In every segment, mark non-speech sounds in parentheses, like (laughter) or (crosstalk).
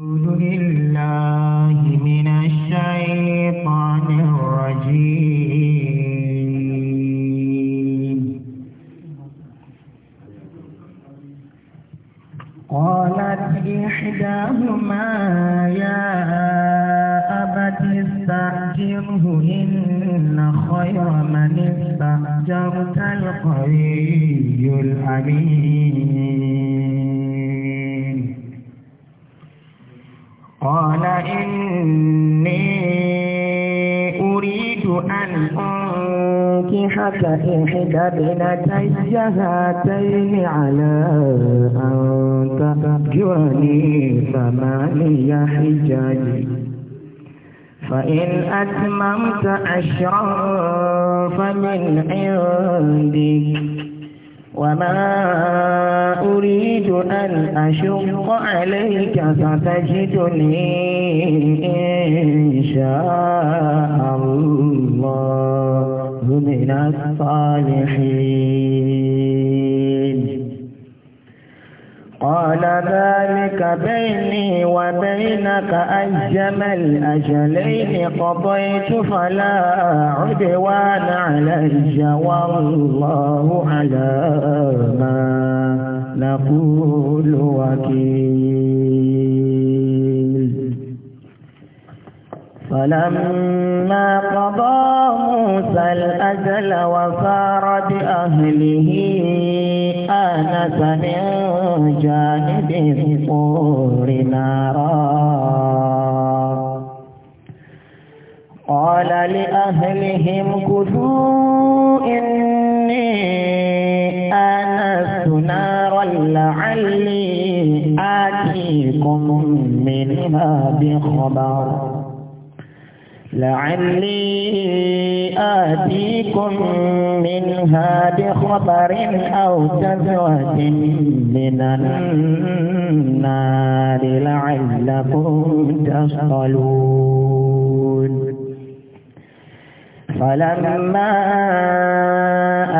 أعوذ بالله من الشيطان الرجيم قالت إحداهما يا أبت استأجره إن خير من استأجرت القوي الأمين قال إني أريد أن أنكحك إحدى بنتي هاتين على أن تأجرني ثماني حجاج فإن أتممت عشرا فمن عندك وما أريد أن أشق عليك ستجدني إن شاء الله من الصالحين قال ذلك بيني وبينك أجم الأجلين قضيت فلا عدوان علي والله على ما نقول وكيل فلما قضى موسى الأجل وصار بأهله آنس من جانب الطور نارا قال لأهلهم كثوا إني آنست نارا لعلي آتيكم منها بخبر لعلي آتيكم منها بخبر أو جذوة من النار لعلكم تصطلون فلما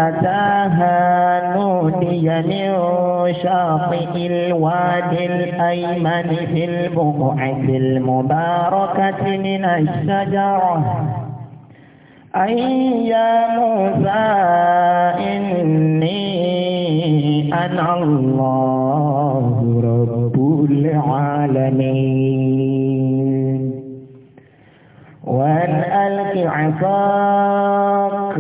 أتاها ربي من شاطئ الوادي الأيمن في البقعة المباركة من الشجرة أي يا موسى إني أنا الله رب العالمين وأن ألقي عصاك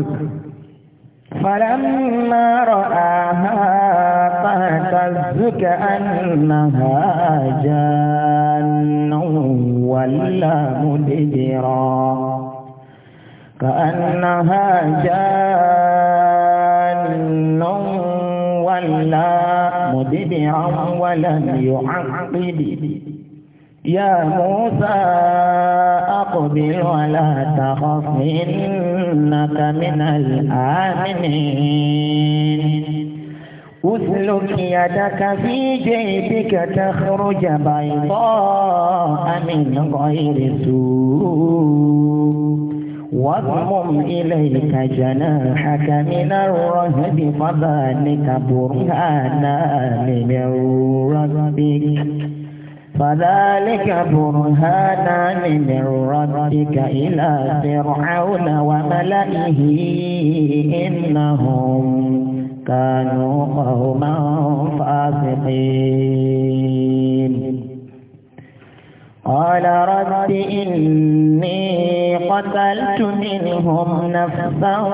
فَلَمَّا رآها تهتز كأنها جان ولا مدبرا كأنها جان ولا مدبرا ولم يعقب يا موسى أقبل ولا تخف إنك من الآمنين اسلك يدك في جيبك تخرج بيضاء من غير سوء واضمم إليك جناحك من الرهب فذلك برهانان من ربك فذلك برهانان من ربك إلى فرعون وملئه إنهم كانوا قوما فاسقين قال رب إني قتلت منهم نفسا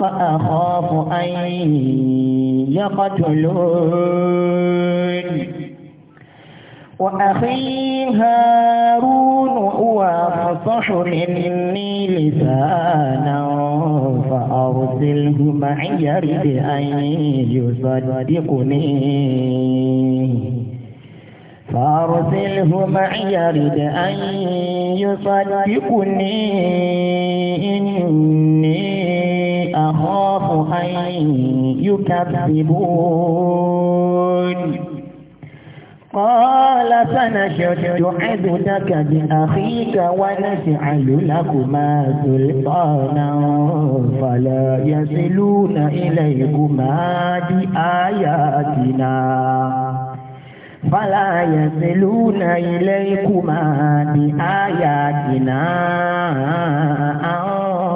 فأخاف أن يقتلون وأخي هارون هو أفصح مني لسانا فأرسله معي رد أن يصدقني فأرسله معي رد أن يصدقني إني أخاف أن يكذبون قال فنشد عبدك بأخيك ونجعل لكما سلطانا فلا يصلون إليكما بآياتنا فلا يصلون إليكما بآياتنا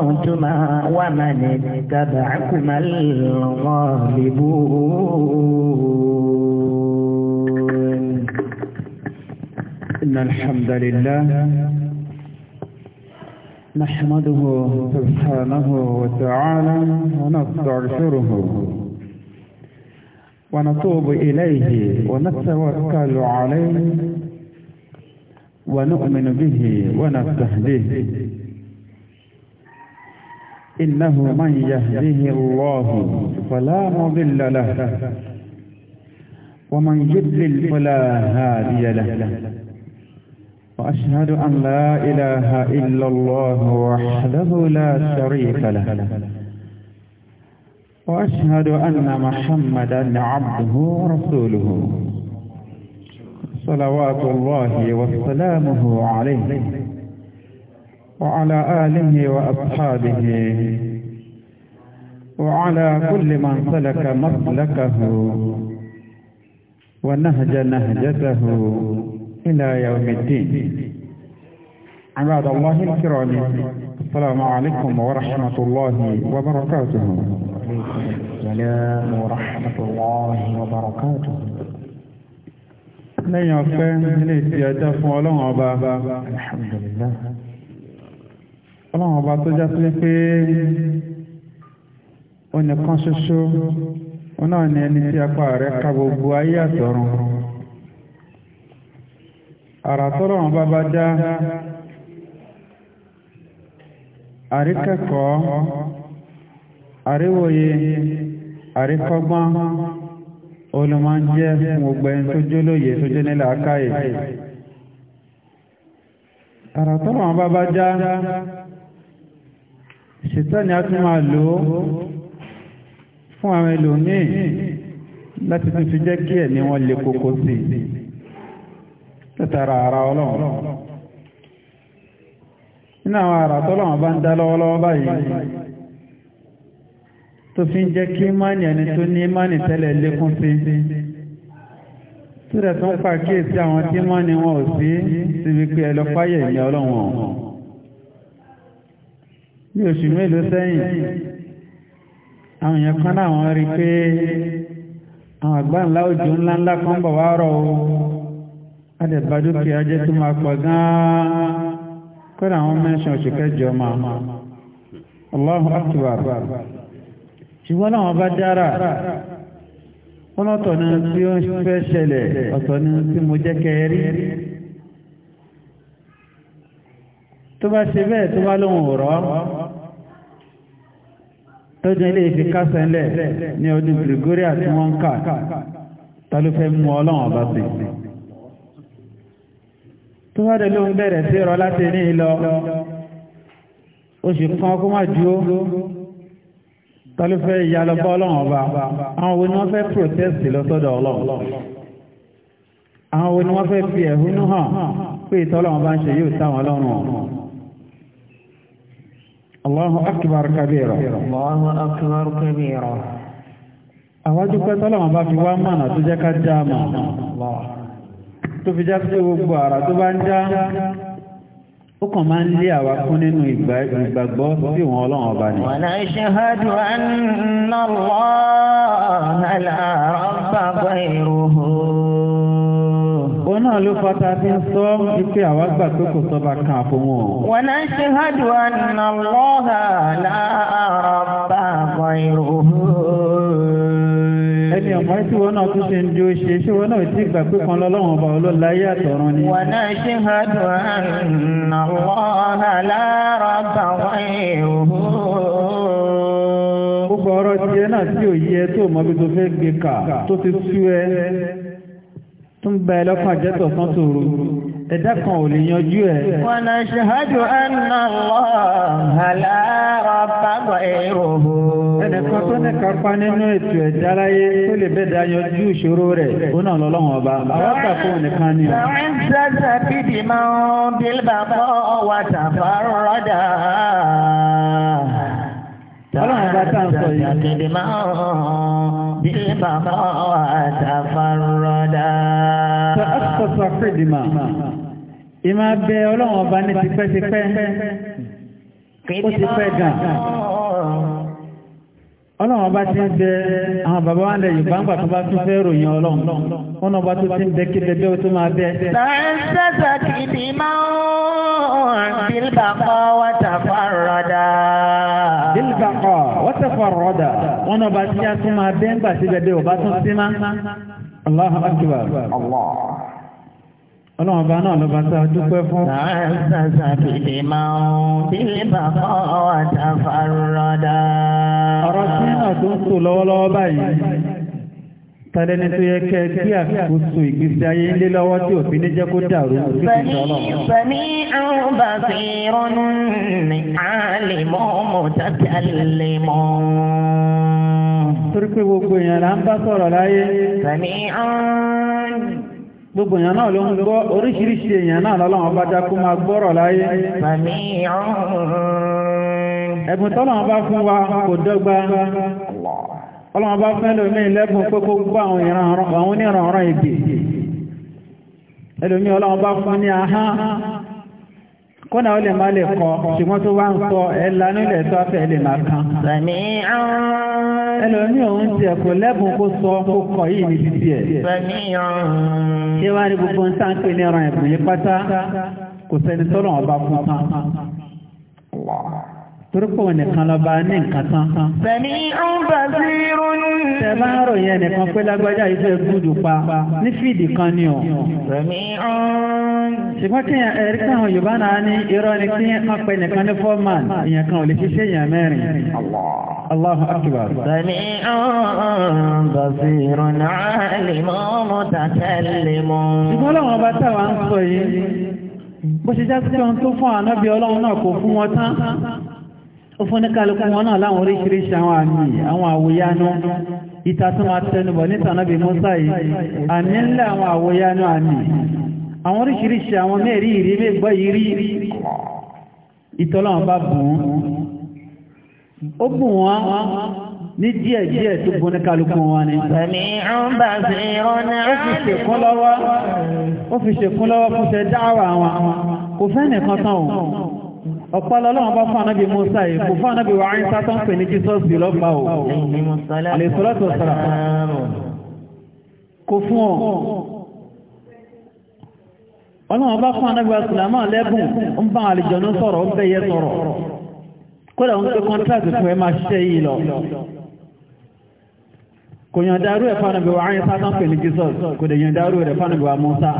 أنتما ومن اتبعكما الغالبون إن الحمد لله نحمده سبحانه وتعالى ونستغفره ونتوب إليه ونتوكل عليه ونؤمن به ونستهديه إنه من يهده الله فلا مضل له ومن يضلل فلا هادي له وأشهد أن لا إله إلا الله وحده لا شريك له وأشهد أن محمدا عبده ورسوله صلوات الله وسلامه عليه وعلى آله وأصحابه وعلى كل من سلك مسلكه ونهج نهجته إلى يوم الدين عباد الله الكرام السلام عليكم ورحمة الله وبركاته السلام ورحمة الله وبركاته lẹ́yìn ọ̀fẹ́ ilé ti ẹjọ́ fún ọlọ́run ọba ọlọ́run ọba tó já sí pé ó nìkan ṣoṣo ó náà ní ẹni tí apá rẹ̀ ká gbogbo ayé àtọ̀run àrà tọ́rọ̀ wọn bá bá dá àríkẹ́kọ̀ọ́ àríwòye àríkọ́gbọ́n olùmọ̀jẹ́ gbogbo ẹni tó jólóye tó jẹ́ nílẹ̀ àkáyè àrà tọ́rọ̀ wọn dá ṣètọ́ni a tún máa lò fún àwọn ẹlòmíì láti tún fi jẹ́ kí ẹ̀ ní wọ́n lè kókó sí i látara ara ọlọ́run nínú àwọn ara tọ́lọ́run bá ń dá lọ́wọ́lọ́wọ́ báyìí tó fi ń jẹ́ kí mánì ẹni tó ní mánì tẹ́lẹ̀ lékún sí tó rẹ̀ tó ń pàkíyèsí àwọn tí mánì wọn ò sí síbi pé ẹlọ́páyẹ̀ ìyá ọlọ́run ní oṣù mélòó sẹ́yìn àwọn èèyàn kan náà wọ́n rí pé àwọn àgbà ńlá òjò ńláńlá kan bọ̀ wá rọ̀ o adẹ̀bá dúkìá jẹ́ tó máa pọ̀ gan-an kọ́dà àwọn mẹ́sàn oṣù kẹjọ máa Allahu akbar ṣùgbọ́n láwọn bá dára wọ́n lọ́tọ̀ ní tí ó ń fẹ́ ṣẹlẹ̀ ọ̀tọ̀ ní tí mo jẹ́ kẹrí tó bá ṣe bẹ́ẹ̀ tó bá lóhun ọ̀rọ̀ tó jẹ́ ta ló fẹ́ mú ọlọ́run tó wá dẹ̀ lóhun bẹ̀rẹ̀ sí rọ láti ní ìlọ oṣù kan kó má dúró tọ́lúfẹ́ ìyálọ́bọ́ ọlọ́run ọba àwọn wo ni wọ́n fẹ́ protest lọ́sọ́dọ̀ ọlọ́run àwọn wo ni wọ́n fẹ́ fi ẹ̀hónú hàn pé ìtọ́lọ́run bá ń ṣe yóò táwọn ọlọ́run ọ̀hún Allahu akbar kabira. Allahu akbar kabira. Àwájú pẹ́ tọ́lọ́run bá fi wá mọ̀nà tó jẹ́ ká já mọ̀ tó fi já pé gbogbo àrà tó bá ń já ó kàn máa ń lé àwa kún nínú ìgbàgbọ́ sí ìwọ̀n ọlọ́run ọba ni. wọ́n náà ṣahadu anna Allah la rabba ghayruhu. òun náà ló fata fi ń sọ wípé àwa gbà pé kò sọ́ba kan àfọwọ́n. wọ́n náà ṣahadu anna Allah la rabba ghayruhu mi ọmọ tí wọn náà tún ṣe ń di ó ṣe ṣé wọn náà ti gbà pé kan lọ́lọ́wọ́n ọba olóláyé àtọ̀run ni. wọn náà ṣe ha dùn àná wọn alára bá wọn èèwọ̀. gbogbo ọ̀rọ̀ tiẹ̀ náà tí ò yẹ tó mọ bí tó fẹ́ gbé kà tó ti sú ẹ tó ń bẹ ẹ lọ́kàn jẹ́ tọ̀sán tòru ẹ̀dá kan ò lè yanjú ẹ̀. wa nashhadu anna Allaha la rabba ghayruhu. ẹnìkan tó ní kápá nínú ètò ẹ̀dá láyé tó lè bẹ́ẹ̀ dá yanjú ìṣòro rẹ̀ ó náà lọ lọ́wọ́n ọba àwọn kàkó nìkan ni. àwọn ṣẹ́ṣẹ́ fìdí máa ń bílbà bọ́ wà tàfà rọ́dà. Ọlọ́run bá tá à ń sọ yìí. Àtẹ̀dẹ̀ máa ń bí bàbá àtàfà rọ́dà. Sọ àkùsọ̀ sọ fìdí máa ìmá bẹ ọlọ́run ọba ní tipẹ́tipẹ́ ó ti pẹ́ gan ọlọ́run ọba ti ń bẹ àwọn bàbá wa lẹ yorùbá ńgbà tó bá tún fẹ́ ròyìn ọlọ́run wọn ọba tó ti ń bẹ kí bẹbẹ tó máa bẹ. sàǹsẹ̀sà kìdì máa ń bílbàkọ́ wọ́tàfàrọ̀dà. bílbàkọ́ wọ́tàfàrọ̀dà wọn ọba tí a tún máa bẹ ńgbà tí bẹbẹ ọba tún sí má. Allahu akbar. Allah ọlọ́ọ̀bá náà ló bá tá a dúpẹ́ fún. sàṣàṣà tó yẹ kẹ́ tí àkóso ìgbésí ayé ilé lọ́wọ́ tí òfin ní jẹ́ kó dàrú sí ìjọlọ́. sani gbogbo èèyàn náà ló ń gbọ́ oríṣiríṣi èèyàn náà bá dákú máa gbọ́rọ̀ láyé ẹ̀bùn tọ́lọ́wọ́n bá fún wa kò dọ́gba ọlọ́wọ́n bá fún ẹlòmí lẹ́bùn pé gbọ́ àwọn oníranran ìgbè ẹlòmí bá fún ní ahán kódà ó lè má lè kọ ṣùgbọ́n tó wá ń sọ ẹ̀ lanú ilẹ̀ tó afẹ́ lè má kan. sẹ̀mí ọ̀hún. ẹlòmí òun tiẹ̀ kò lẹ́bùn kó sọ kó kọ yìí ní títí ẹ̀. sẹ̀mí ọ̀hún. ṣé wàá rí gbogbo ń sáńpé ní ọ̀ràn ẹ̀bùn yìí pátá kò sẹ́ni tọ́lọ̀ ọba fún un torúkọ wọn nìkan lọ bá ní nǹkan tán. Sẹ̀mí ń bà sí irun. bá ń ròyìn pé lágbájá yìí fẹ́ pa ní fíìdì kan ni Ṣùgbọ́n kí ẹ̀rí káwọn Yorùbá náà ní irọ́ ni kí wọ́n pe nìkan ní fọ́ọ̀mán, ìyẹn kan ò lè fi ṣe èèyàn mẹ́rin. Allahu akbar. ó fún ní kálukú wọn náà láwọn oríṣiríṣi àwọn àmì àwọn àwòyánú ìtàtún máa tẹnubọ̀ nítànábì Mùsá yìí àmì ńlá àwọn àwòyánú àmì àwọn oríṣiríṣi àwọn mẹ́rí ìrí mẹ́gbọ́ yìí rí ìtọ́lọ́wọ́n ni ó fi ṣèkún lọ́wọ́ ó fi ṣèkún lọ́wọ́ fún ṣe dáwà wọn kò nìkan tán òun ọ̀pọ̀lọ́ ọlọ́run bá fún ànábì Musa yìí kò fún ànábì wa àyíká tó ń pè ní Jesus bí lọ́pàá o àlèsọ́lọ́tò sọ̀rọ̀ kò fún ọ ọlọ́run bá fún ànábì wa sùlámà lẹ́bùn ń bá àlìjọ̀nú sọ̀rọ̀ ń bẹ́yẹ sọ̀rọ̀ kódà ń pè kọ́ńtàkì fún ẹ máa ṣiṣẹ́ yìí lọ kò yàndarú ẹ̀ fánàbí wa àyíká tó ń pè ní Jesus kò dẹ̀ yàndarú ẹ̀ fánàbí wa Musa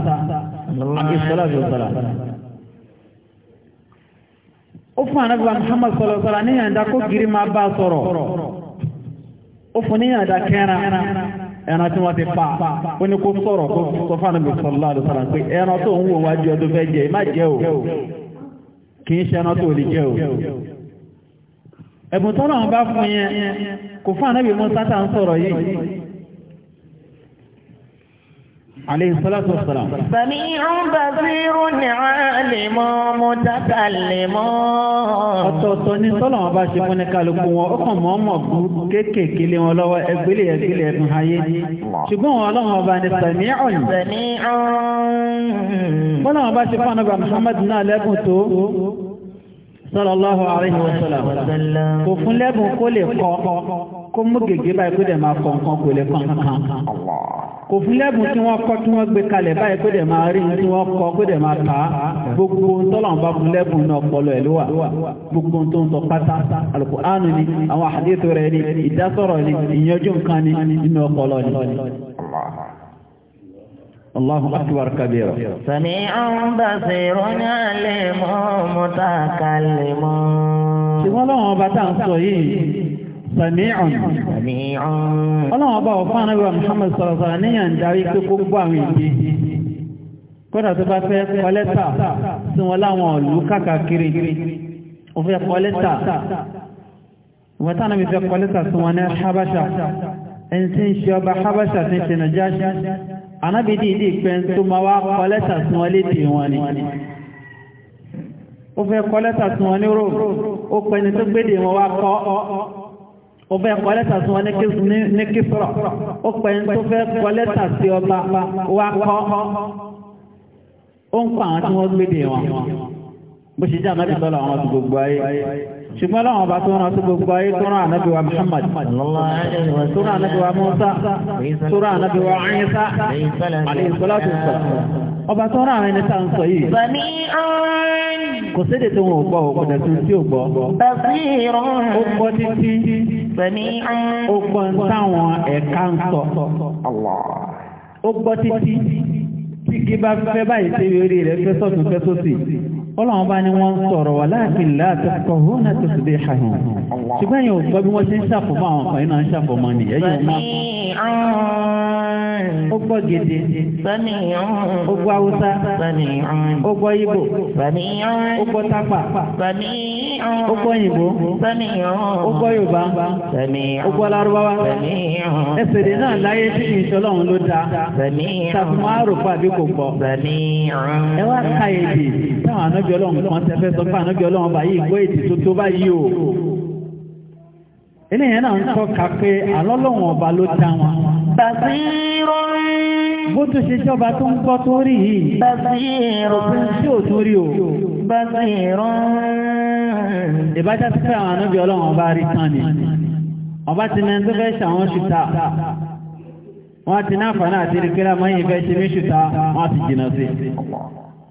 àlèsọ́lọ́tò ó fún ànábì Muhammad sọ̀rọ̀sọ̀rọ̀ níyàn ìdá kó gírí máa bá sọ̀rọ̀ ó fún níyàn ìdá kẹ́ra ẹran tí wọ́n ti pa ó ní kó sọ̀rọ̀ kó sọ fún ànábì sọ̀rọ̀lá àdúsọ̀rọ̀ pé ẹran tó ń wò wájú ọdún fẹ́ má jẹ́ o kì í ṣe ẹran tó lè jẹ́ o ẹ̀bùn tọ́nà bá fún yẹn kò fún ànábì Mùsá tá ń sọ̀rọ̀ yìí عليه الصلاة والسلام سميع بصير عالم متكلم ọ̀tọ̀ọ̀tọ̀ ni sọ́lọ̀wọ́n bá ṣe fún ní kálukú wọn ó kàn mọ́mọ̀ bú kéékèèké lé wọn lọ́wọ́ ẹgbẹ́lẹ̀ ẹgbẹ́lẹ̀ ẹ̀dùn ayé ṣùgbọ́n wọn ọlọ́run ọba ni sẹ̀mí ọ̀yìn sọ́lọ̀wọ́n bá ṣe fún ọ̀nàbà Muhammad náà lẹ́bùn tó sallallahu alayhi wa kò fún kò fún lẹ́bùn tí wọ́n kọ́ tí wọ́n gbé kalẹ̀ báyìí pé dẹ̀ máa rí tí wọ́n kọ́ pé dẹ̀ máa kà gbogbo ohun tọ́lọ̀ náà pọlọ ẹ̀ ló wà gbogbo tó ń sọ pátá Al-Qur'an ni àwọn àdéhùn rẹ̀ ni ìdásọ̀rọ̀ ni ìyanjú nǹkan ni nínú ọpọlọ ni. Allahu akbar kabira. Sami'un basirun alimun mutakallimun. Ṣé wọ́n lọ́wọ́ ọba sàmíhàn. ọlọ́run ọba ọ̀fọ́ anábíwá Muhammad sọ̀rọ̀sọ̀rọ̀ níyàn darí pé gbogbo àwọn ìdí kódà tó bá fẹ́ kọ́lẹ́tà tí wọ́n láwọn ọ̀lú káàkiri ó fẹ́ kọ́lẹ́tà wọ́n tánà mi fẹ́ kọ́lẹ́tà tí wọ́n ní Habasha ẹni tí ń ṣe ọba Habasha tí ń ṣe Najashi anábìdí ìdí ìpẹ́ tó máa wá kọ́lẹ́tà tí wọ́n lédè wọn ni ó fẹ́ kọ́lẹ́tà tí wọ́n ní rò ó pẹ́ni tó gbédè ó fẹ́ kọ lẹ́tà sí wọn ní kífúrọ̀ ó pẹ́ tó fẹ́ kọ lẹ́tà sí ọba wa kọ́ ó ń kọ àwọn tí wọ́n gbé dè wọn bó ṣe jẹ́ ànábì sọ́lọ̀ àwọn ọ̀sùn gbogbo ayé ṣùgbọ́n láwọn ọba tó rán sí gbogbo ayé tó rán ànábì wa Muhammad tó rán ànábì wa Musa tó rán ànábì wa Isa alayhi salatu wassalam ọba tó rán àwọn ẹni tá à ń sọ yìí kò sédè tó wọn ò gbọ́ òkúta tó tí ò gbọ́. ó gbọ́ títí ó gbọ́ ń táwọn ẹ̀ka ń sọ. ó gbọ́ títí tí kí bá fẹ́ báyìí tẹ́wé orí rẹ̀ fẹ́ sọ́tún fẹ́ sósì ọlọ́run bá ní wọ́n ń sọ̀rọ̀ wà láàfin láti kọ̀hún náà tó ṣùgbẹ́ ìhàhùn ṣùgbọ́n yóò gbọ́ bí wọ́n ṣe ń ṣàfọ̀mọ́ àwọn ọkọ̀ iná ń ṣàfọ̀mọ́ ni ẹ̀yìn ọmọ ó gbọ́ gèdè ó gbọ́ haúsá ó gbọ́ ìgbò ó gbọ́ tápà ó gbọ́ òyìnbó ó gbọ́ yorùbá ó gbọ́ lárúbáwá ẹsẹ̀dè náà láyé tí ìṣọ́lọ́run ló dáa tàbí máa ànábì ọlọ́run kan tẹ́fẹ́ sọ fún ànábì ọlọ́run báyìí gbọ́ èdè tó tó báyìí o eléyìí náà ń tọ́ka pé àlọ́lọ́wọ̀n ọba ló dá wọn. bàtírò bó tún ṣe jọba tó ń gbọ́ tó rí yìí. bàtírò tí ò tó rí o. bàtírò. ìbájá ti fẹ́ àwọn ànábì ọlọ́run ọba rí tán ni ọba ti nẹ́ni tó fẹ́ ṣàwọn ṣùtà wọ́n ti náà fàánà àti ìrìkẹ́lá mọ́yìn fẹ́ ṣe ní ṣùtà wọ́n ti jìnnà sí i.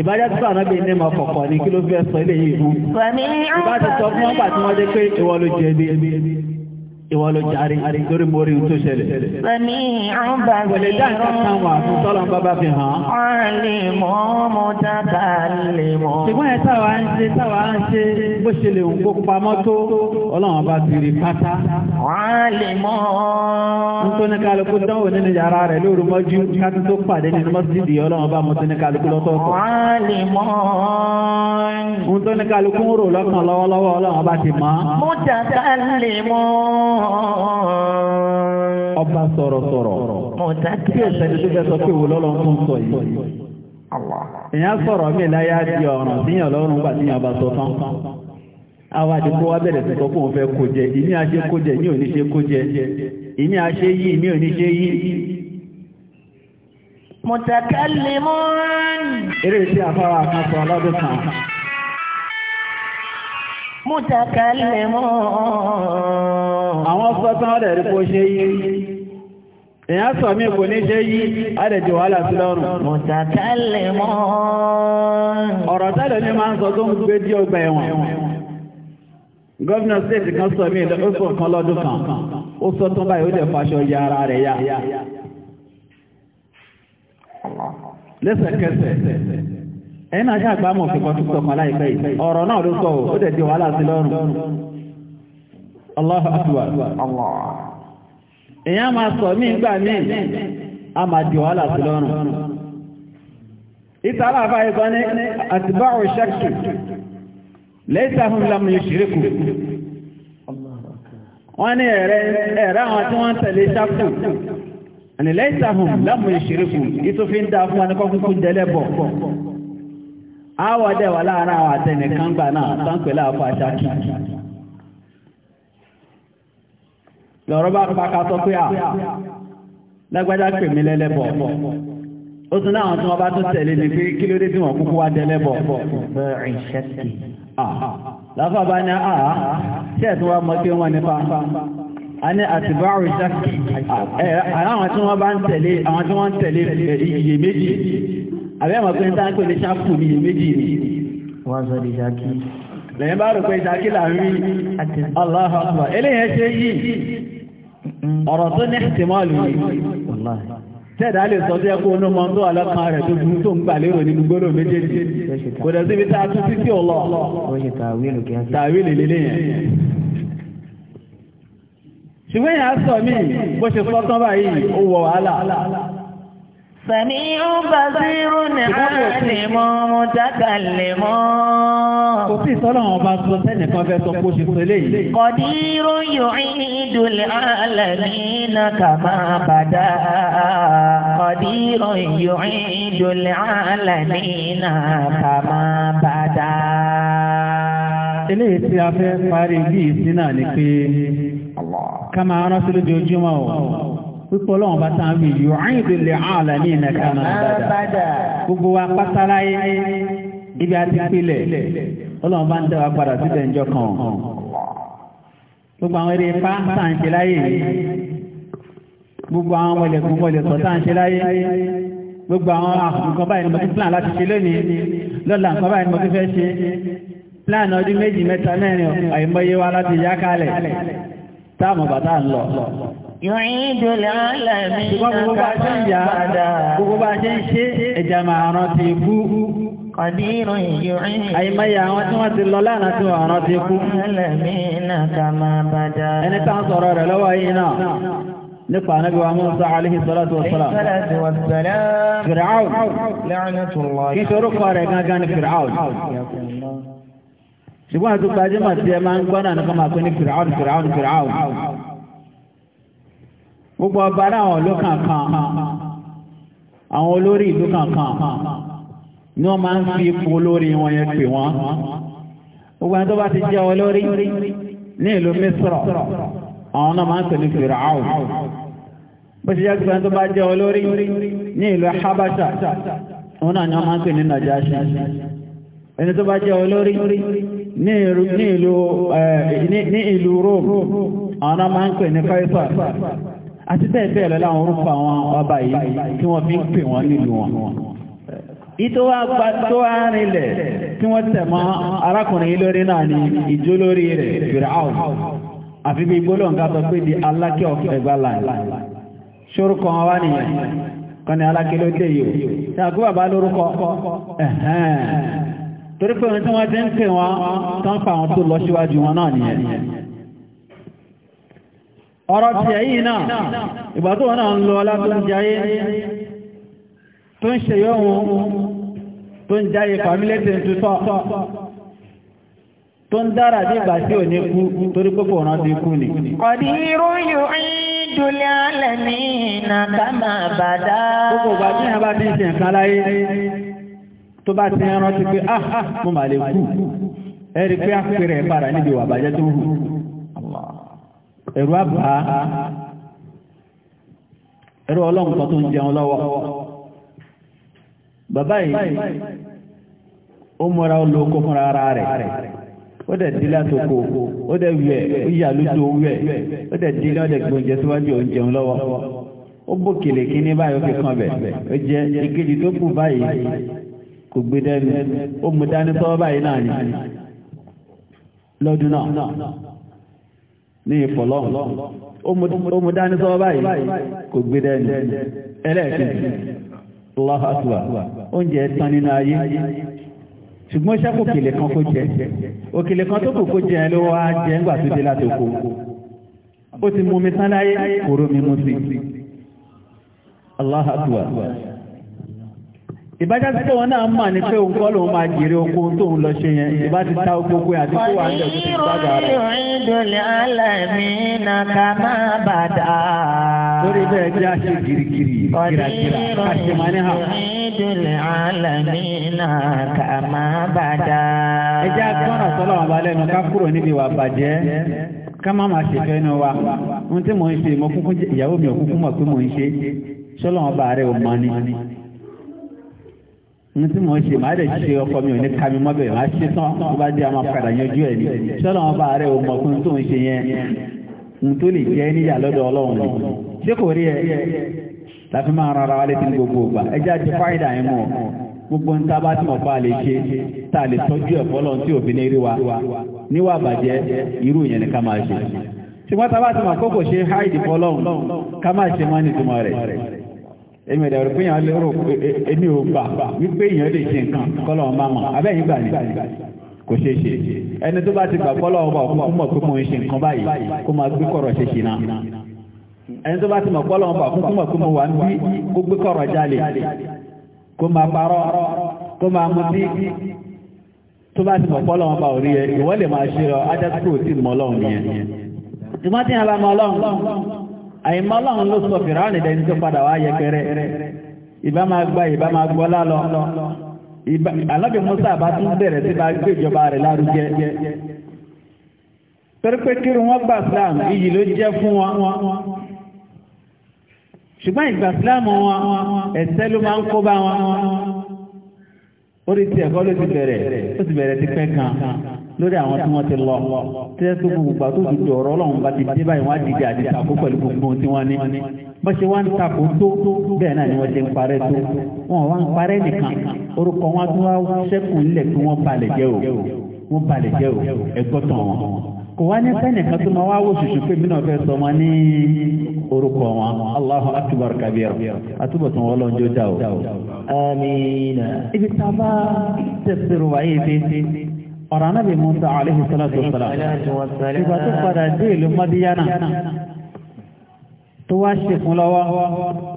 ìbájátúbà anábì ní ma kọ̀kọ̀ ní kí ló fẹ́ sọ ilé yìí fún ìbájátúbà fún ọgbà tí wọ́n dé pé ìwọ ló jẹ̀bi ìwọ ló jàre lórí mórí tó ṣẹlẹ̀. Sẹ́mi ọba mi rọ. Wọlé dáńkà kan wà fún tọ́lọ̀ bàbá fi hàn. Wọ́n lè mọ́ mo dábà lè mọ́. Ṣùgbọ́n ẹ táwa ń ṣe táwa ń ṣe bó ṣe lè ń kó pamọ́ ọlọ́run bá ti rí pátá. Wọ́n lè mọ́. N tó ní kálukú dánwò nínú yàrá rẹ̀ lóru mọ́jú káti tó pàdé nínú mọ́sídìí ọlọ́run bá mo ní kálukú lọ́tọ̀ Wọ́n lè mọ́. N tó ní ọba sọ̀rọ̀sọ̀rọ̀ tí ó tó fẹ́ sọ pé wò lọ́lọ́ tó ń sọ yìí èèyàn sọ̀rọ̀ mí láyá di ọ̀ràn síyàn lọ́rùn gbà síyàn bá sọ tán àwọn àdìpọ̀ wa bẹ̀rẹ̀ sí sọ òun fẹ́ kó jẹ ìní àṣẹ kó jẹ ní òní ṣe kó jẹ ìní àṣẹ yí ní òní ṣe kan. mútakalẹ̀mọ́. Àwọn sọ́tán ọ̀dẹ̀ rí kó ṣe yí. Èyàn sọ mí kò ní ṣe yí, àdẹ̀dẹ̀ wàhálà sí lọ́rùn. Mútakalẹ̀mọ́. Ọ̀rọ̀ tẹ́lẹ̀ ní máa ń sọ tó ń gbé dí ọgbà ẹ̀wọ̀n. Gọ́vnà State kan sọ mí ìdọ́gbọ́sọ̀ kan lọ́dún kan. Ó sọ tán báyìí ó dẹ̀ faṣọ ya ara rẹ̀ ya. Lẹ́sẹ̀kẹsẹ̀. ẹ̀yìn náà ṣàgbá mọ̀ fi kan tuntun ọkàn láìpẹ́ yìí ọ̀rọ̀ náà ló sọ ò ó dẹ̀ di wàhálà sí lọ́rùn Allah akbar èyàn máa sọ mí gbà mí a máa di wàhálà sí lọ́rùn ìtàlá àfáà ikọ́ ní àtibáwò ṣẹ́kì lẹ́sàfún lámù ìṣìríkù wọ́n ní ẹ̀rẹ́ àwọn tí wọ́n tẹ̀lé ṣákù ẹ̀lẹ́sàfún lámù ìṣìríkù ìtòfin dáa fún wọn ní jẹ́lẹ́bọ̀ àwọ̀ dẹ̀ wà láàárín àwọn àtẹnìkan gbà náà tán pẹ̀lú àfọ àṣàkì lọ́rọ̀ bá pàkà sọ pé à lágbájá pè mí lẹ́lẹ́bọ̀ ó tún náà tí wọ́n bá tún tẹ̀lé ní pé kí ló dé tí wọ́n kúkú wá dẹ́lẹ́bọ̀ láfàbá ní àá tí ẹ̀tún wá mọ́ kí wọ́n nípa a ní àtìbá òrìṣà àwọn tí wọ́n bá ń tẹ̀lé iyèméjì àbẹ́ mọ̀ pé níta ń pè ní ṣáàpù ní méjì ni. wọ́n sọ di ṣáàkì. lẹ́yìn bá rò pé ṣáàkì là ń rí Allahu Akbar eléyẹn ṣe yìí ọ̀rọ̀ tó ní ìtìmọ́ọ̀lù yìí tẹ́ẹ̀dá lè sọ jẹ́ kó ní ọmọ tó alọ́kan rẹ̀ tó burú tó ń gbà lérò nínú gbọ́dọ̀ méjèèjì kò dẹ̀ síbi tá a tún títí ò lọ tàwílì Sami'u basirun alimun mutakallimun. Kò sí ìsọ́lọ́wọ́n bá sọ sẹ́nìkan fẹ́ sọ kó ṣe sọ eléyìí. Qadiru yu'idul alamina kama bada. Qadiru yu'idul alamina kama bada. Eléyìí tí a fẹ́ parí bí ìsínà ni pé ká máa rántí lójoojúmọ́ o pípọ̀ lọ́wọ́n bá tán wí yóò àyìnbó lè ààlà ní ìnàkà máa bàdà gbogbo wa pátáláyé ibi àti pílẹ̀ ọlọ́wọ́n bá ń dẹ́wà padà síbẹ̀ ńjọ kan gbogbo àwọn eré ipá tá ń ṣe láyé gbogbo àwọn mọ̀lẹ̀kùn mọ̀lẹ̀kùn tá ń ṣe láyé gbogbo àwọn nǹkan báyìí ni mo ti plan láti ṣe lónìí lọ́la nǹkan báyìí ni mo ti fẹ́ ṣe plan ọdún méjì mẹ́ta mẹ́rin àìmọye wa láti yá kalẹ̀ táàmù bàtà ń lọ Yọ̀nyídò lálàmí náà padà. Gbogbo bá ṣe ń ṣe ẹja máa rántí ikú. Kọ̀dírò yọ̀nyí. Àìmọye àwọn tí wọ́n ti lọ lánàá tí wọ́n rántí ikú. Lálàmí náà ká máa padà. Ẹni tá ń sọ̀rọ̀ rẹ̀ lọ́wọ́ yìí náà. Nípa Ànábì wa Musa alayhi salatu wa salam. Fir'aun. Kí ṣe orúkọ rẹ̀ gangan ni Fir'aun. Ṣùgbọ́n àti gbajúmọ̀ tí ẹ máa ń gbọ́nà nípa gbogbo ọba láwọn ìlú kankan àwọn olórí ìlú kankan ni wọ́n máa ń fi ipò olórí wọn yẹn pè wọ́n gbogbo ẹni tó bá ti jẹ́ olórí ní ìlú Mísírọ̀ àwọn náà máa ń tẹ̀lé fèrè áwò bó ṣe jẹ́ gbogbo ẹni tó bá jẹ́ olórí ní ìlú Habasha òun náà ni wọ́n máa ń pè ní Nàjáṣì ẹni tó bá jẹ́ olórí eh, ní ìlú Rome àwọn náà máa ń pè ní Kaisar àti bẹ́ẹ̀ bẹ́ẹ̀ lọ láwọn orúkọ àwọn ọba yìí tí wọ́n fi ń pè wọ́n nílùú wọn. ìtò wa gba tó àárín lẹ̀ tí wọ́n tẹ̀ mọ́ arákùnrin yìí lórí náà ni ìjó lórí rẹ̀ fèrè áwù àfi bí gbólóǹkà sọ pé di alákẹ́ ọ̀fẹ́gbà láì ṣorúkọ wọn wá nìyẹn kan ni alákẹ́ ló dé yìí o a kó bàbá lórúkọ torí pé wọn tí wọ́n ti ń pè wọn tán fà wọn tó lọ síwájú wọn náà nìyẹn ọ̀rọ̀ ti ẹ̀yìn náà ìgbà tó wọ́n náà ń lọ ọlá tó ń jayé tó ń ṣe yọ́wọ́n tó ń jayé fàmílẹ́tì tuntọ́ tó ń dára ní ìgbà tí ò ní kú torí púpọ̀ ọ̀rọ̀ ti kú ni. ọ̀dí irú yóò bá ti ń ti pé ah, ah mo mà lè kú ẹ̀rí pé àpẹẹrẹ padà níbi ìwà àbájẹ́ tó hù ẹ̀rù àbá ẹ̀rù ọlọ́run kan tó ń jẹun lọ́wọ́ bàbá yìí ó mọ́ra ó lo oko fúnra ara rẹ̀ ó dẹ̀ dílé àtòkò ó dẹ̀ wẹ̀ ó yà lójú wẹ̀ ó dẹ̀ dílé ó dẹ̀ gbóúnjẹ síwájú ó ń jẹun lọ́wọ́ ó bó kèlè kí ní báyìí fi kan bẹ̀ ó jẹ ìkejì tó kù báyìí kò gbé dẹ́nu ó mú dání sọ́wọ́ báyìí náà ni lọ́dún náà. ní ìfọ̀lọ́ ó mú báyìí kò gbé dání ẹlẹ́ẹ̀kejì Allahu oúnjẹ tán nínú ayé ṣùgbọ́n iṣẹ́ kò kan kó jẹ òkèlè kan tó kò kó jẹ ló wá jẹ ńgbà tó dé láti ó ti mú mi láyé ìbájá tí wọn náà mà ní pé òun kọ́ lòun máa jèrè oko tó ń lọ ṣe yẹn ìbá ti ta oko pé àti kó wà nílẹ̀ tó ti gbàgbà rẹ̀. ìdòlẹ̀ alẹ́mí na ká máa bàdà. lórí bẹ́ẹ̀ jẹ́ àṣẹ gírígírí gíragíra àṣẹ máa ní hà. ìdòlẹ̀ alẹ́mí na ká máa bàdà. ẹ jẹ́ àkọ́nà sọ́lá wọn balẹ̀ nù ká kúrò níbi ìwà bàjẹ́ ká má máa ṣèfẹ́ nu wa ohun tí mò ń ṣe ìyàwó mi ò kúkú mọ̀ pé mò ń ṣe sọ́lá wọn bá rẹ̀ ò mọ́ ni. ní tí mo ṣe máa ṣe ọkọ mi ò ní ka mi máa ṣe tán tó bá dé a máa padà yanjú ẹ̀ ni ṣọ́nà wọn bá rẹ̀ ò mọ̀ tó ń ṣe yẹn ń tó lè jẹ́ níyà lọ́dọ̀ ọlọ́run ṣé kò rí ẹ rara gbogbo gbogbo tí mo bá lè ṣe tá a lè tọ́jú ẹ̀ tí òbí ní rí wa níwà bàjẹ́ irú yẹn ni èmi ìdàrú pé yàn lérò e, e, èmi ò gbà wípé èèyàn lè ṣe nǹkan kọ́lọ̀ ọmọ àmọ́ abẹ́yìn gbà ní kò ṣeé ṣe ẹni tó bá ti gbà kọ́lọ̀ ọmọ ọmọ mọ̀ pé mo ń ṣe nǹkan báyìí kó máa gbé kọ̀rọ̀ ṣe ṣe náà ẹni tó bá ti mọ̀ kọ́lọ̀ ọmọ fún mọ̀ pé mo wà ń bí kó gbé kọ̀rọ̀ jálè kó máa parọ́ kó máa mutí tó bá ti mọ̀ kọ́lọ̀ ọmọ ò rí ẹ ìwọ lè àìmọ́ ọlọ́run ló sọ fìràánì dẹni tó padà wá yẹpẹrẹ ìbá máa gba ìbá máa gbọ́lá lọ alábì musa bá tún bẹ̀rẹ̀ sí bá gbé ìjọba rẹ̀ lárugẹ pẹ́rẹ́pẹ́ kí wọ́n gba islam iyì ló jẹ́ fún wọn ṣùgbọ́n ìgbà islam wọn ẹ̀ṣẹ̀ ló máa ń kó bá wọn orí ti ẹ̀kọ́ ló ti bẹ̀rẹ̀ ó ti bẹ̀rẹ̀ ti pẹ́ kan lórí àwọn tí wọ́n ti lọ tẹ́ tó gbogbo àti òdòdó ọ̀rọ̀ ọlọ́run bá ti dé báyìí wọ́n á dìde àti ìtàkó pẹ̀lú gbogbo tí wọ́n ní bọ́ ṣe wá ń takò tó bẹ́ẹ̀ náà ni wọ́n ṣe ń parẹ́ tó wọ́n wá ń parẹ́ nìkan orúkọ wọn tó wá ṣẹ́kùn nílẹ̀ kí wọ́n balẹ̀ jẹ́ o wọ́n balẹ̀ jẹ́ o ẹgbọ́tàn wọn kò wá ní sẹ́nìkan tó máa wá wò ṣùṣù pé mí fẹ́ sọ wọn ní orúkọ wọn ọ̀rọ̀ anábì Musa alayhi salatu wasalam ìgbà tó padà dé ìlú Mọ́díyánà tó wá ṣekún lọ́wọ́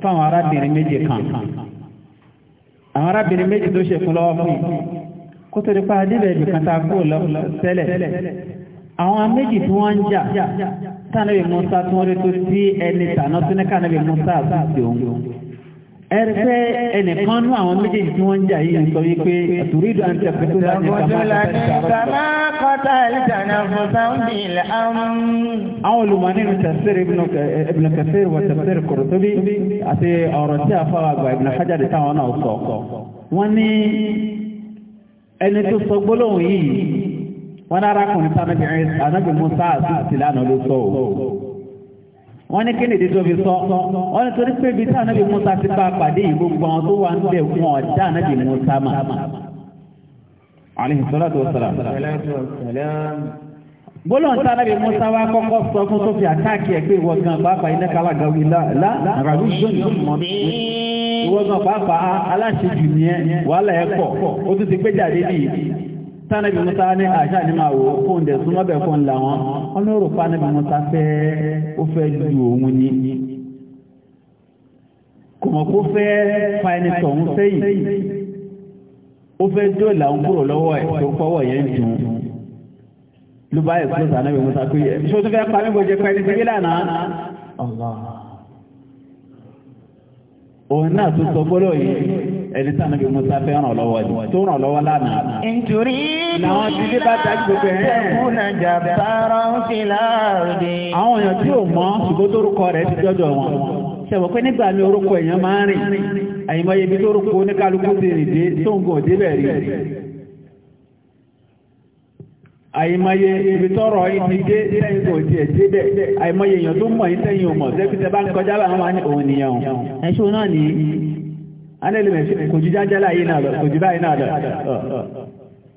fáwọn arábìnrin méjì kan àwọn arábìnrin méjì tó ṣekún lọ́wọ́ fún kó tó nípa nílẹ̀ ìbìkan tá a kó lọ tẹ́lẹ̀ àwọn méjì tí wọ́n ń jà tánàbì Musa tí wọ́n rí tó sí ẹni tàná tó ní kánàbì Musa àti ẹ̀rẹ́fẹ́ ẹnìkan ní àwọn méjèèjì tí wọ́n ń jà yìí ń sọ wípé àtúrídò àti ẹ̀fẹ́tò láti àwọn olùmọ̀ nínú tafsir ibn kathir wa tafsir Qurtubi àti ọ̀rọ̀ tí a fáwà gba ibn Hajar táwọn náà sọ wọ́n ní ẹni tó sọ gbólóhùn yìí wọ́n arákùnrin tánàbì Musa àti wọ́n ní kí nìdí tó fi sọ wọ́n ní torí pé ibi tí ànábì Musa ti bá pàdé yìí gbogbo àwọn tó wà ń bẹ̀ fún ọ̀dá ànábì Musa mà. aleyhi salatu wa salam. gbólóhùn tí ànábì Musa wá kọ́kọ́ sọ fún tó fi àkáàkì ẹ̀ pé ìwọ gan pàápàá iná kálá gawi la la ràbí jọ́nì mọ́ ìwọ gan pàápàá aláṣejù nìyẹn wàhálà ẹ̀ pọ̀ ó tún ti gbé jáde nìyí tánàbí musa ní àṣà ní máa wò fún ǹdẹ̀ súnmọ́ bẹ̀ fún ńlá wọn wọn ní òrùpa níbi musa fẹ́ ó fẹ́ ju òun ní kò mọ̀ kó fẹ́ fa ẹni tọ̀hún sẹ́yìn ó fẹ́ dóòlà ń kúrò lọ́wọ́ ẹ̀ tó fọwọ́ yẹn dùn ló bá yẹ kúrò tánàbí musa pé yẹ ṣó tó fẹ́ pa mí bòjẹ pẹ́ni sí gílànà òun náà tó sọ gbọ́dọ̀ yìí ẹni tí ànábì Musa fẹ́ ràn lọ́wọ́ ni tó ràn lọ́wọ́ lánàá. nítorí làwọn ti dé bá dájú gbogbo ẹ̀. ẹ̀kúnà jàbára ń fi láàrúdì. àwọn èèyàn tí ò mọ̀ ṣùgbọ́n tó rúkọ rẹ̀ ti jọjọ wọn. ṣẹ̀wọ̀ pé nígbà mi orúkọ èèyàn máa ń rìn àyìnbáyé ibi tó rúkọ oníkálukú ti rìn dé tó ń gùn débẹ̀ rí àìmọye ibi tọrọ ibi dé sẹ́yìn kò tiẹ̀ débẹ̀ àìmọye èèyàn tó mọ̀ yín sẹ́yìn ò mọ̀ bá ń kọjá láwọn wá ní òun nìyẹn o. ẹ̀ṣọ́ náà nìyí. Um a ní element kò jí jájálà yìí náà lọ kò jí báyìí náà lọ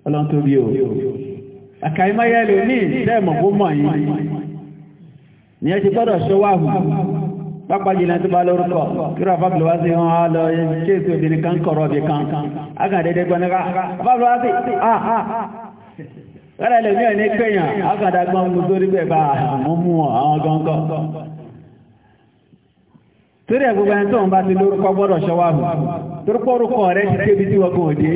ọlọ́n tó bí o àkàìmáyà lè ní ìtẹ́ẹ̀mọ̀ kó mọ̀ yìí ni ẹ ti gbọ́dọ̀ ṣọwáhù pápá jìnà tó bá lórúkọ kíra fábùlùwásí wọn á lọ ṣe èso obìnrin kan kọ̀rọ̀ ọ̀bì kan agàdẹ́dẹ́ gbọ́nẹ́ká fábùlùwásí àà torí ẹ̀ gbogbo ẹni tó ń bá ti lórúkọ gbọ́dọ̀ ṣọ́wábù torúkọ orúkọ rẹ̀ ti débi tí wọ́n kò dé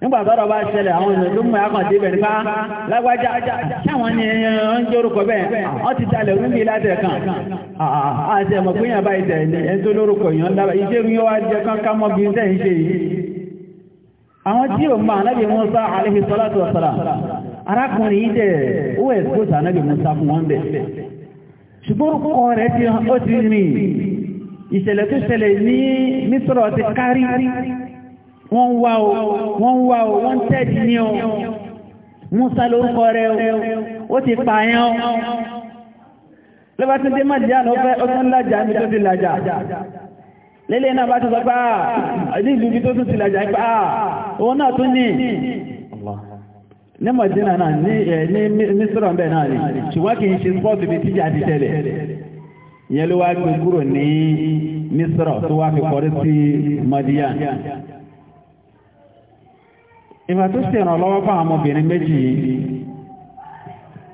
nígbà tọ́rọ̀ bá àwọn èèyàn tó nípa lágbájá sáwọn ni ń orúkọ ti kan pé yàn báyìí ẹni tó lórúkọ mi wá bí n ṣe yìí àwọn tí Musa arákùnrin yìí ó ṣùgbọ́n orúkọ rẹ̀ ti hàn ó ti rìn ìṣẹ̀lẹ̀ tó ṣẹlẹ̀ ní mísọ̀rọ̀ ti kárí wọ́n wá o wọ́n wá o wọ́n tẹ́ẹ̀dì ní o Musa lórúkọ rẹ̀ ó ti pààyàn o lọ́bá tí dé má jẹ́ àná ó tún ní tó ti lájà lélẹ́ náà bá ti sọ pé ah, ní ní mọ̀dínà náà ní mísírọ̀ bẹ́ẹ̀ náà ni ṣùgbọ́n kì í ṣe spọ́ọ̀tù bí tíjà ti tẹ̀lẹ̀ ìyẹn ló wá gbé kúrò ní mísírọ̀ tó wá fi kọrí sí mọ̀díyà ìgbà tó ṣe ìrànlọ́wọ́ fún àwọn ọmọbìnrin méjì yìí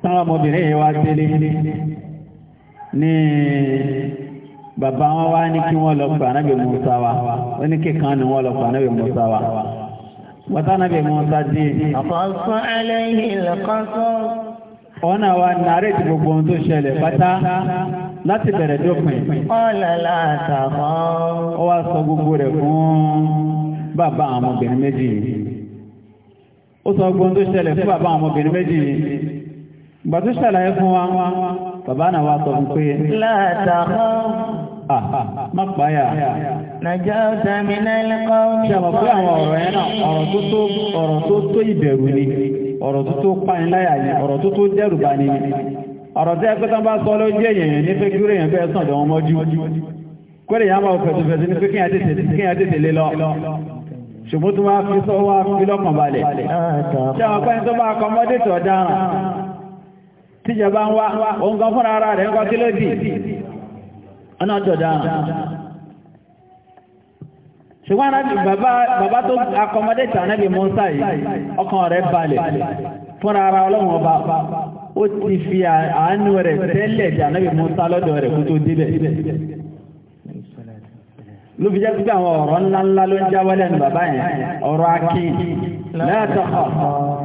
táwọn ọmọbìnrin yìí wá délé ní bàbá wọn wá ní kí wọ́n lọ pàánàbì Mùsá wa ó ní kíkan ni wọ́n lọ pàánàbì Mùsá wa. وتنبي موسى دي فقص عليه القصص أنا وناريت بقوندو شلي بتا láti bẹ̀rẹ̀ dópin. ọ̀làlà àtàkọ́. ó wá sọ gbogbo rẹ̀ fún bàbá àwọn ọmọbìnrin méjì yìí. ó sọ gbogbo tó ṣẹlẹ̀ fún bàbá àwọn ọmọbìnrin méjì yìí. ìgbà tó ṣàlàyé fún wa bàbá náà wá sọ fún pé. látàkọ́. má pààyà. Nàjọ́ta mi náà mi. Ṣé àwọn pé àwọn ọ̀rọ̀ yẹn náà ọ̀rọ̀ tó tó ọ̀rọ̀ tó tó ìbẹ̀rù ni ọ̀rọ̀ tó tó pani ni ọ̀rọ̀ tó tó dẹ́rù ni ọ̀rọ̀ tẹ́ tán bá sọ ló jẹ́ èèyàn ní fẹ́ kí rèèyàn sàn mọ́jú. Kọ́lé ní pé ṣùgbọ́n bàbá tó akọmọdé tà náà bí mọ́sá yìí ọkàn rẹ̀ balẹ̀ fúnra ara ọlọ́wọ́n ọba ó ti fi àánú rẹ̀ tẹ́lẹ̀ tà náà bí mọ́sá lọ́dọ̀ rẹ̀ kó tó débẹ̀ ló fi àwọn ọ̀rọ̀ ńláńlá ló ń jáwọ́lẹ̀ ní bàbá yẹn ọ̀rọ̀ akí látọ̀kọ̀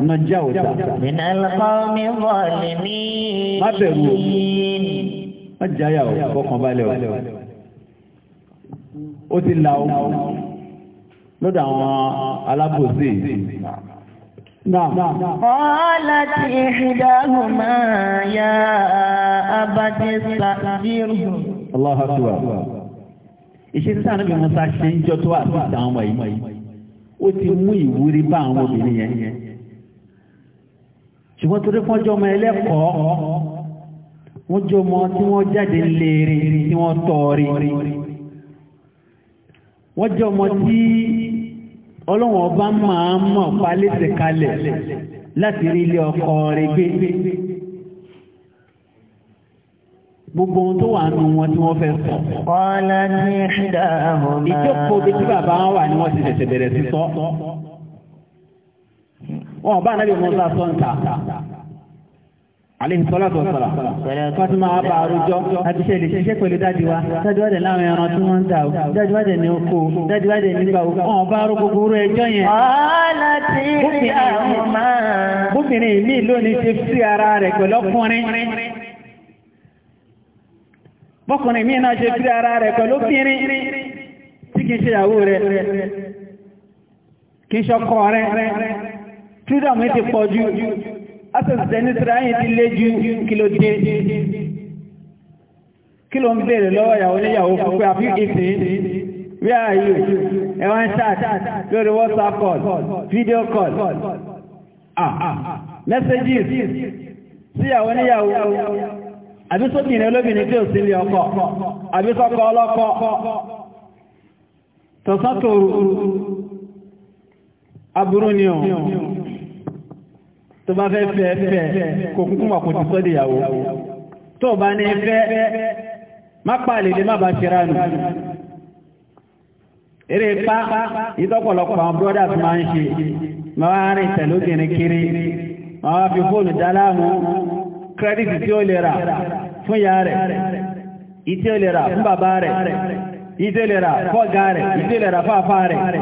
nà já òjá má bẹ̀rù má jáyà ọ̀kọ̀kan balẹ̀ ó ti là ó lọ́dọ̀ àwọn alábòsí قالت إحداهما يا أبت استأجره الله أكبر ìṣesí musa ṣe ń jọ tó wà àwọn ti mú ìwúrí bá àwọn obìnrin yẹn ṣùgbọ́n torí pọ́njọ́ ọmọ ẹlẹ́kọ̀ọ́ wọ́n jọ ọmọ tí wọ́n jáde ọlọ́wọ́n ọba máa ń mọ̀ palẹ́sẹ̀ kalẹ̀ láti rí ilé ọkọ rẹ̀ gbé gbogbo ohun tó wà nù wọn tí wọ́n fẹ́ sọ. ọ̀la ní ìdá ọmọ. ìjókòó bí tí bàbá wọn wà ni wọ́n ti ṣẹ̀ṣẹ̀ bẹ̀rẹ̀ sí sọ. wọn bá anábì mọ́tò àtọ́ǹta. Àléhìsọ́látọ̀ sọ̀rọ̀. Fátímà àbá àrùjọ. Àti lè ṣeṣẹ́ pẹ̀lú dájú wa. láwọn ẹran tí wọ́n ń dà o. ní oko. Dájú nígbà Wọ́n bá rú gbogbo orú ẹjọ́ yẹn. Ọ̀la ti rí àwọn máa. Bóbìnrin mi lónìí ṣe sí ara rẹ̀ pẹ̀lú ọkùnrin. Bọ́kùnrin mi náà ṣe sí ara rẹ̀ pẹ̀lú obìnrin. Tí kì í ṣe ìyàwó rẹ̀. Kì í ṣọkọ rẹ̀. Freedom ti pọ̀ ju. asọ̀sẹ̀ ní sọ́ra ti lé ju kí dé kí ń béèrè lọ́wọ́ ìyàwó níyàwó fún pé àfi ìsìn ẹ̀wọ̀n chat lórí whatsapp call video call ah messages síyàwó níyàwó àbí olóbìnrin tí ò sí ilé ọkọ àbí sọ́kọ tọ̀sán tòru aburú ni ọ̀ tó bá fẹ́ fẹ́ fẹ́ kò kúkún wà kò ti sọ́dẹ̀ ìyàwó tó bá ní fẹ́ má pa lè má bá eré pa ìtọ́pọ̀lọpọ̀ àwọn brothers máa ń ṣe máa rìn tẹ̀lógìnrin kiri fi fóònù dáláàmú kírẹ́dìtì tí ó fún rẹ̀ fún bàbá rẹ̀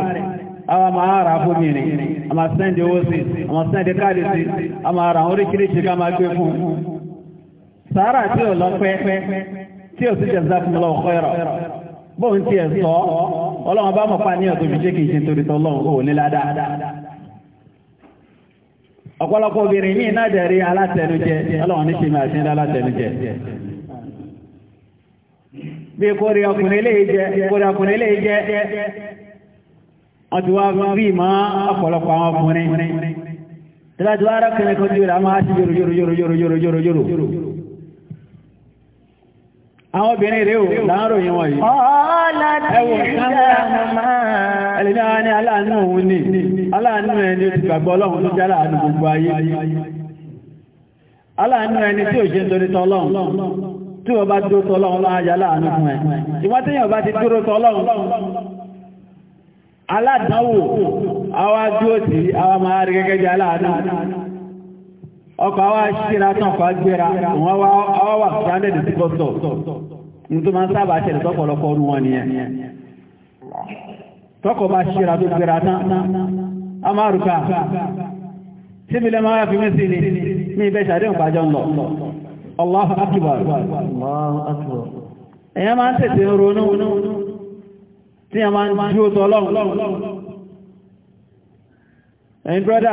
àwọn máa rà fún mi rìn a máa sẹ́ndì owó sí a a ti rà oríṣiríṣi ká máa gbé fún tí ò lọ pẹ́ tí ò sí jẹ́sà fún lọ ọkọ̀ ẹ̀rọ bó ń tiẹ̀ sọ ọlọ́run je mọ̀ ní ọ̀tún ọ̀pọ̀lọpọ̀ obìnrin ní ní ṣe máa ṣe ń bí kórí ọkùnrin wọ́n ti wá yoro. ma ọ̀pọ̀lọpọ̀ àwọn obìnrin rẹ̀ ò láàárọ̀ yìí wọ̀nyí ẹwọ̀ ẹlẹ́dàá ní ó ṣe ń tọ́lọ́run ala àwọn awa àwọn máa rí gẹ́gẹ́ jẹ́ aláàánú ọkọ̀ àwọn aṣíra tán kọ́ gbéra wọ́n wà stranded sí ní tó máa sábà ṣẹlẹ̀ tọ́pọ̀lọpọ̀ ọdún wọn nìyẹn tọ́kọ̀ bá ṣíra tó gbéra tán a máa rùkà ah, síbi lẹ́mọ́ wá fi ni ní ibẹ̀ tí a máa ń jí ó tọ́lọ́run ẹ̀yin brọ́dà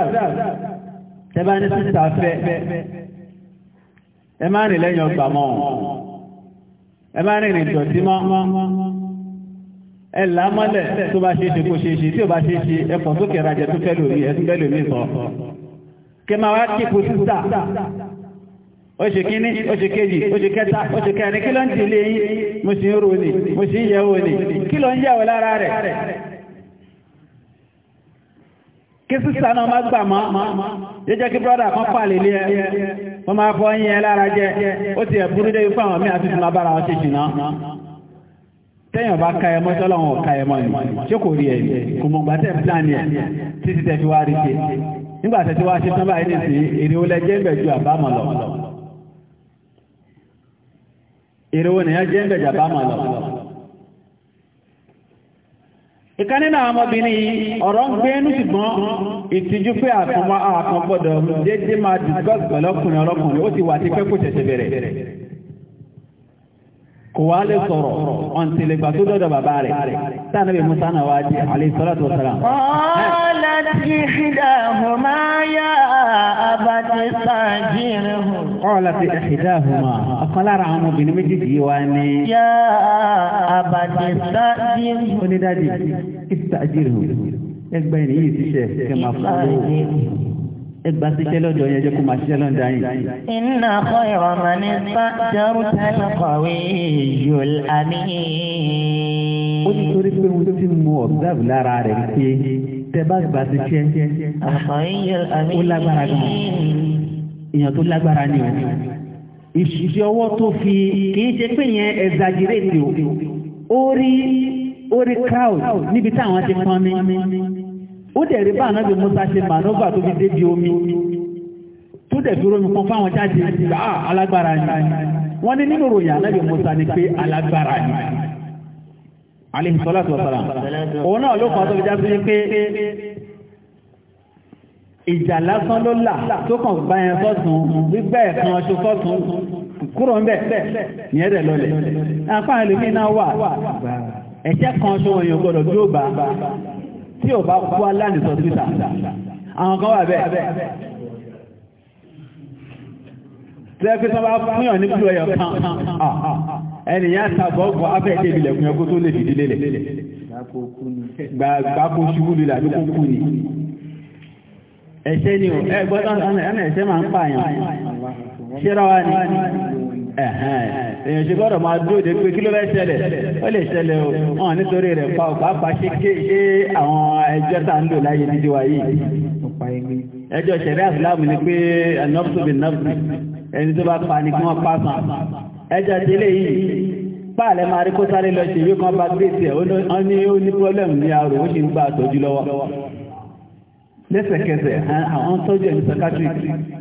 tẹ́bá ní sísà fẹ́ ẹ máa rìn lẹ́yìn ọgbà mọ́ ẹ máa rìn rìn dọ̀tí mọ́ ẹ lámọ́lẹ̀ tó bá ṣe ṣe kó ṣe ṣe tí ó bá ṣe ṣe ẹ̀fọ́ sókè rajẹ̀ tó fẹ́ lórí ẹ̀ ó ṣe kíní ó ṣe kejì ó ṣe kẹta ó ṣe kẹrin kí ló ń ti lé yí mo sì ń ro ní mo sì ń yẹ̀wò ní kí ló ń yẹ̀wò lára rẹ̀ kí sísà náà má gbà mọ́ jẹ́jẹ́ kí brọ́dà kan pàlè lé ẹ wọ́n máa fọ́ yín lára jẹ́ ó ti ẹ̀ nígbà tẹ́ wá ṣe tán báyìí nìsín èrè olẹ́jẹ́ ń bẹ̀ èrèwò ya jẹ́ ǹdẹ̀jà bá ma lọ ìkan nínú àwọn ọmọbìnrin ọ̀rọ̀ ń gbé inú ṣùgbọ́n ìtìjú pé àtúnmọ́ àkàngbọ́dọ̀ déédéé máa dìgbọ́gbọ̀ lọ́kùnrin o ti wati tí pé kò wá lè sọ̀rọ̀ ọ̀ntìlẹ̀gbà tó dọ́dọ̀ bàbá rẹ̀ sáà níbi musa náà wá jẹ́ àlèsọ́lọ́tò sàrà. ọ̀ọ́lá ti ṣìdáhùn máa yá àbàtì sàájìrì hùn. ọ̀ọ́lá ti ṣìdáhùn máa ọ̀kan lára àwọn obìnrin méjèèjì wá ní. yá àbàtì sàájìrì hùn. onídàájì ìsàájìrì ti ṣe kẹ́ ẹgbà síṣẹ́ lọ́dọ̀ yẹn jẹ́ kó máa ṣiṣẹ́ lọ́dọ̀ yìí. iná kọ́ ìwọ̀n máa ní bá jẹ́rú tẹ́lẹ̀ kọ̀wé yòl àmì. ó ti torí pé mo ti mú ọ̀gáàbù lára rẹ̀ pé tẹ bá gbà síṣẹ́ ó lágbára gan. èèyàn tó lágbára ni o. ìṣiṣẹ́ ọwọ́ tó fi kì í ṣe pé yẹn exaggerate o. ó rí ó rí crowd níbi táwọn ti pọn mi ó dẹ̀ rí bá ànábì Musa ṣe manova tó fi débi omi tó dẹ̀ fi romi kan fáwọn jáde ìgbà ah, alágbára ni wọ́n ní nínú ròyìn ànábì Musa ni pé alágbára ni alayhi salatu wa salam òun náà ló kàn tó fi jáde pé ìjà lásán ló là tó kàn gbá yẹn fọ́sùn gbígbá ẹ̀kan ọṣù fọ́sùn kúrò ń bẹ̀ ní ẹ̀rẹ̀ lọlẹ̀ apá ẹlòmíín wà ẹ̀ṣẹ̀ kan ṣòwò tí ò bá kú aláàní sọ títà àwọn kan wà bẹ́ẹ̀ tẹ́ẹ̀kì tó bá fúnyàn ní kúrò ẹ̀yọ̀ kan ènìyàn tàbọ̀gbọ̀ afẹ́ ìdè ìbìlẹ̀ fún ẹkú tó lè fìdí lélẹ̀ gbàgbàkó ṣubú lílà ló kún kú ni ẹ̀ṣẹ́ ni ẹgbọ́n èèyàn ṣe gbọ́dọ̀ máa dúró de pé kí ló fẹ́ ṣẹlẹ̀ ó lè ṣẹlẹ̀ o hàn nítorí rẹ̀ pa ò pàápàá ṣe ké ṣé àwọn ẹjọ́ tá ń lò láyé dídí wa yìí ẹjọ́ ṣẹ̀rí àfúláàmù ni pé nọ́ọ̀sù bí nọ́ọ̀sù ẹni tó bá pa ni kí wọ́n pa sàn ẹjọ́ délé yìí páàlẹ́ máa rí kó sáré lọ ṣe ìwé kan bá gbé tiẹ̀ ó ní ó ní pọ́lẹ́mù ní arò ó ṣe ń gbà àtọ́jú lọ́wọ́ lẹ́sẹ̀kẹsẹ̀ àwọn tọ́jú ẹ̀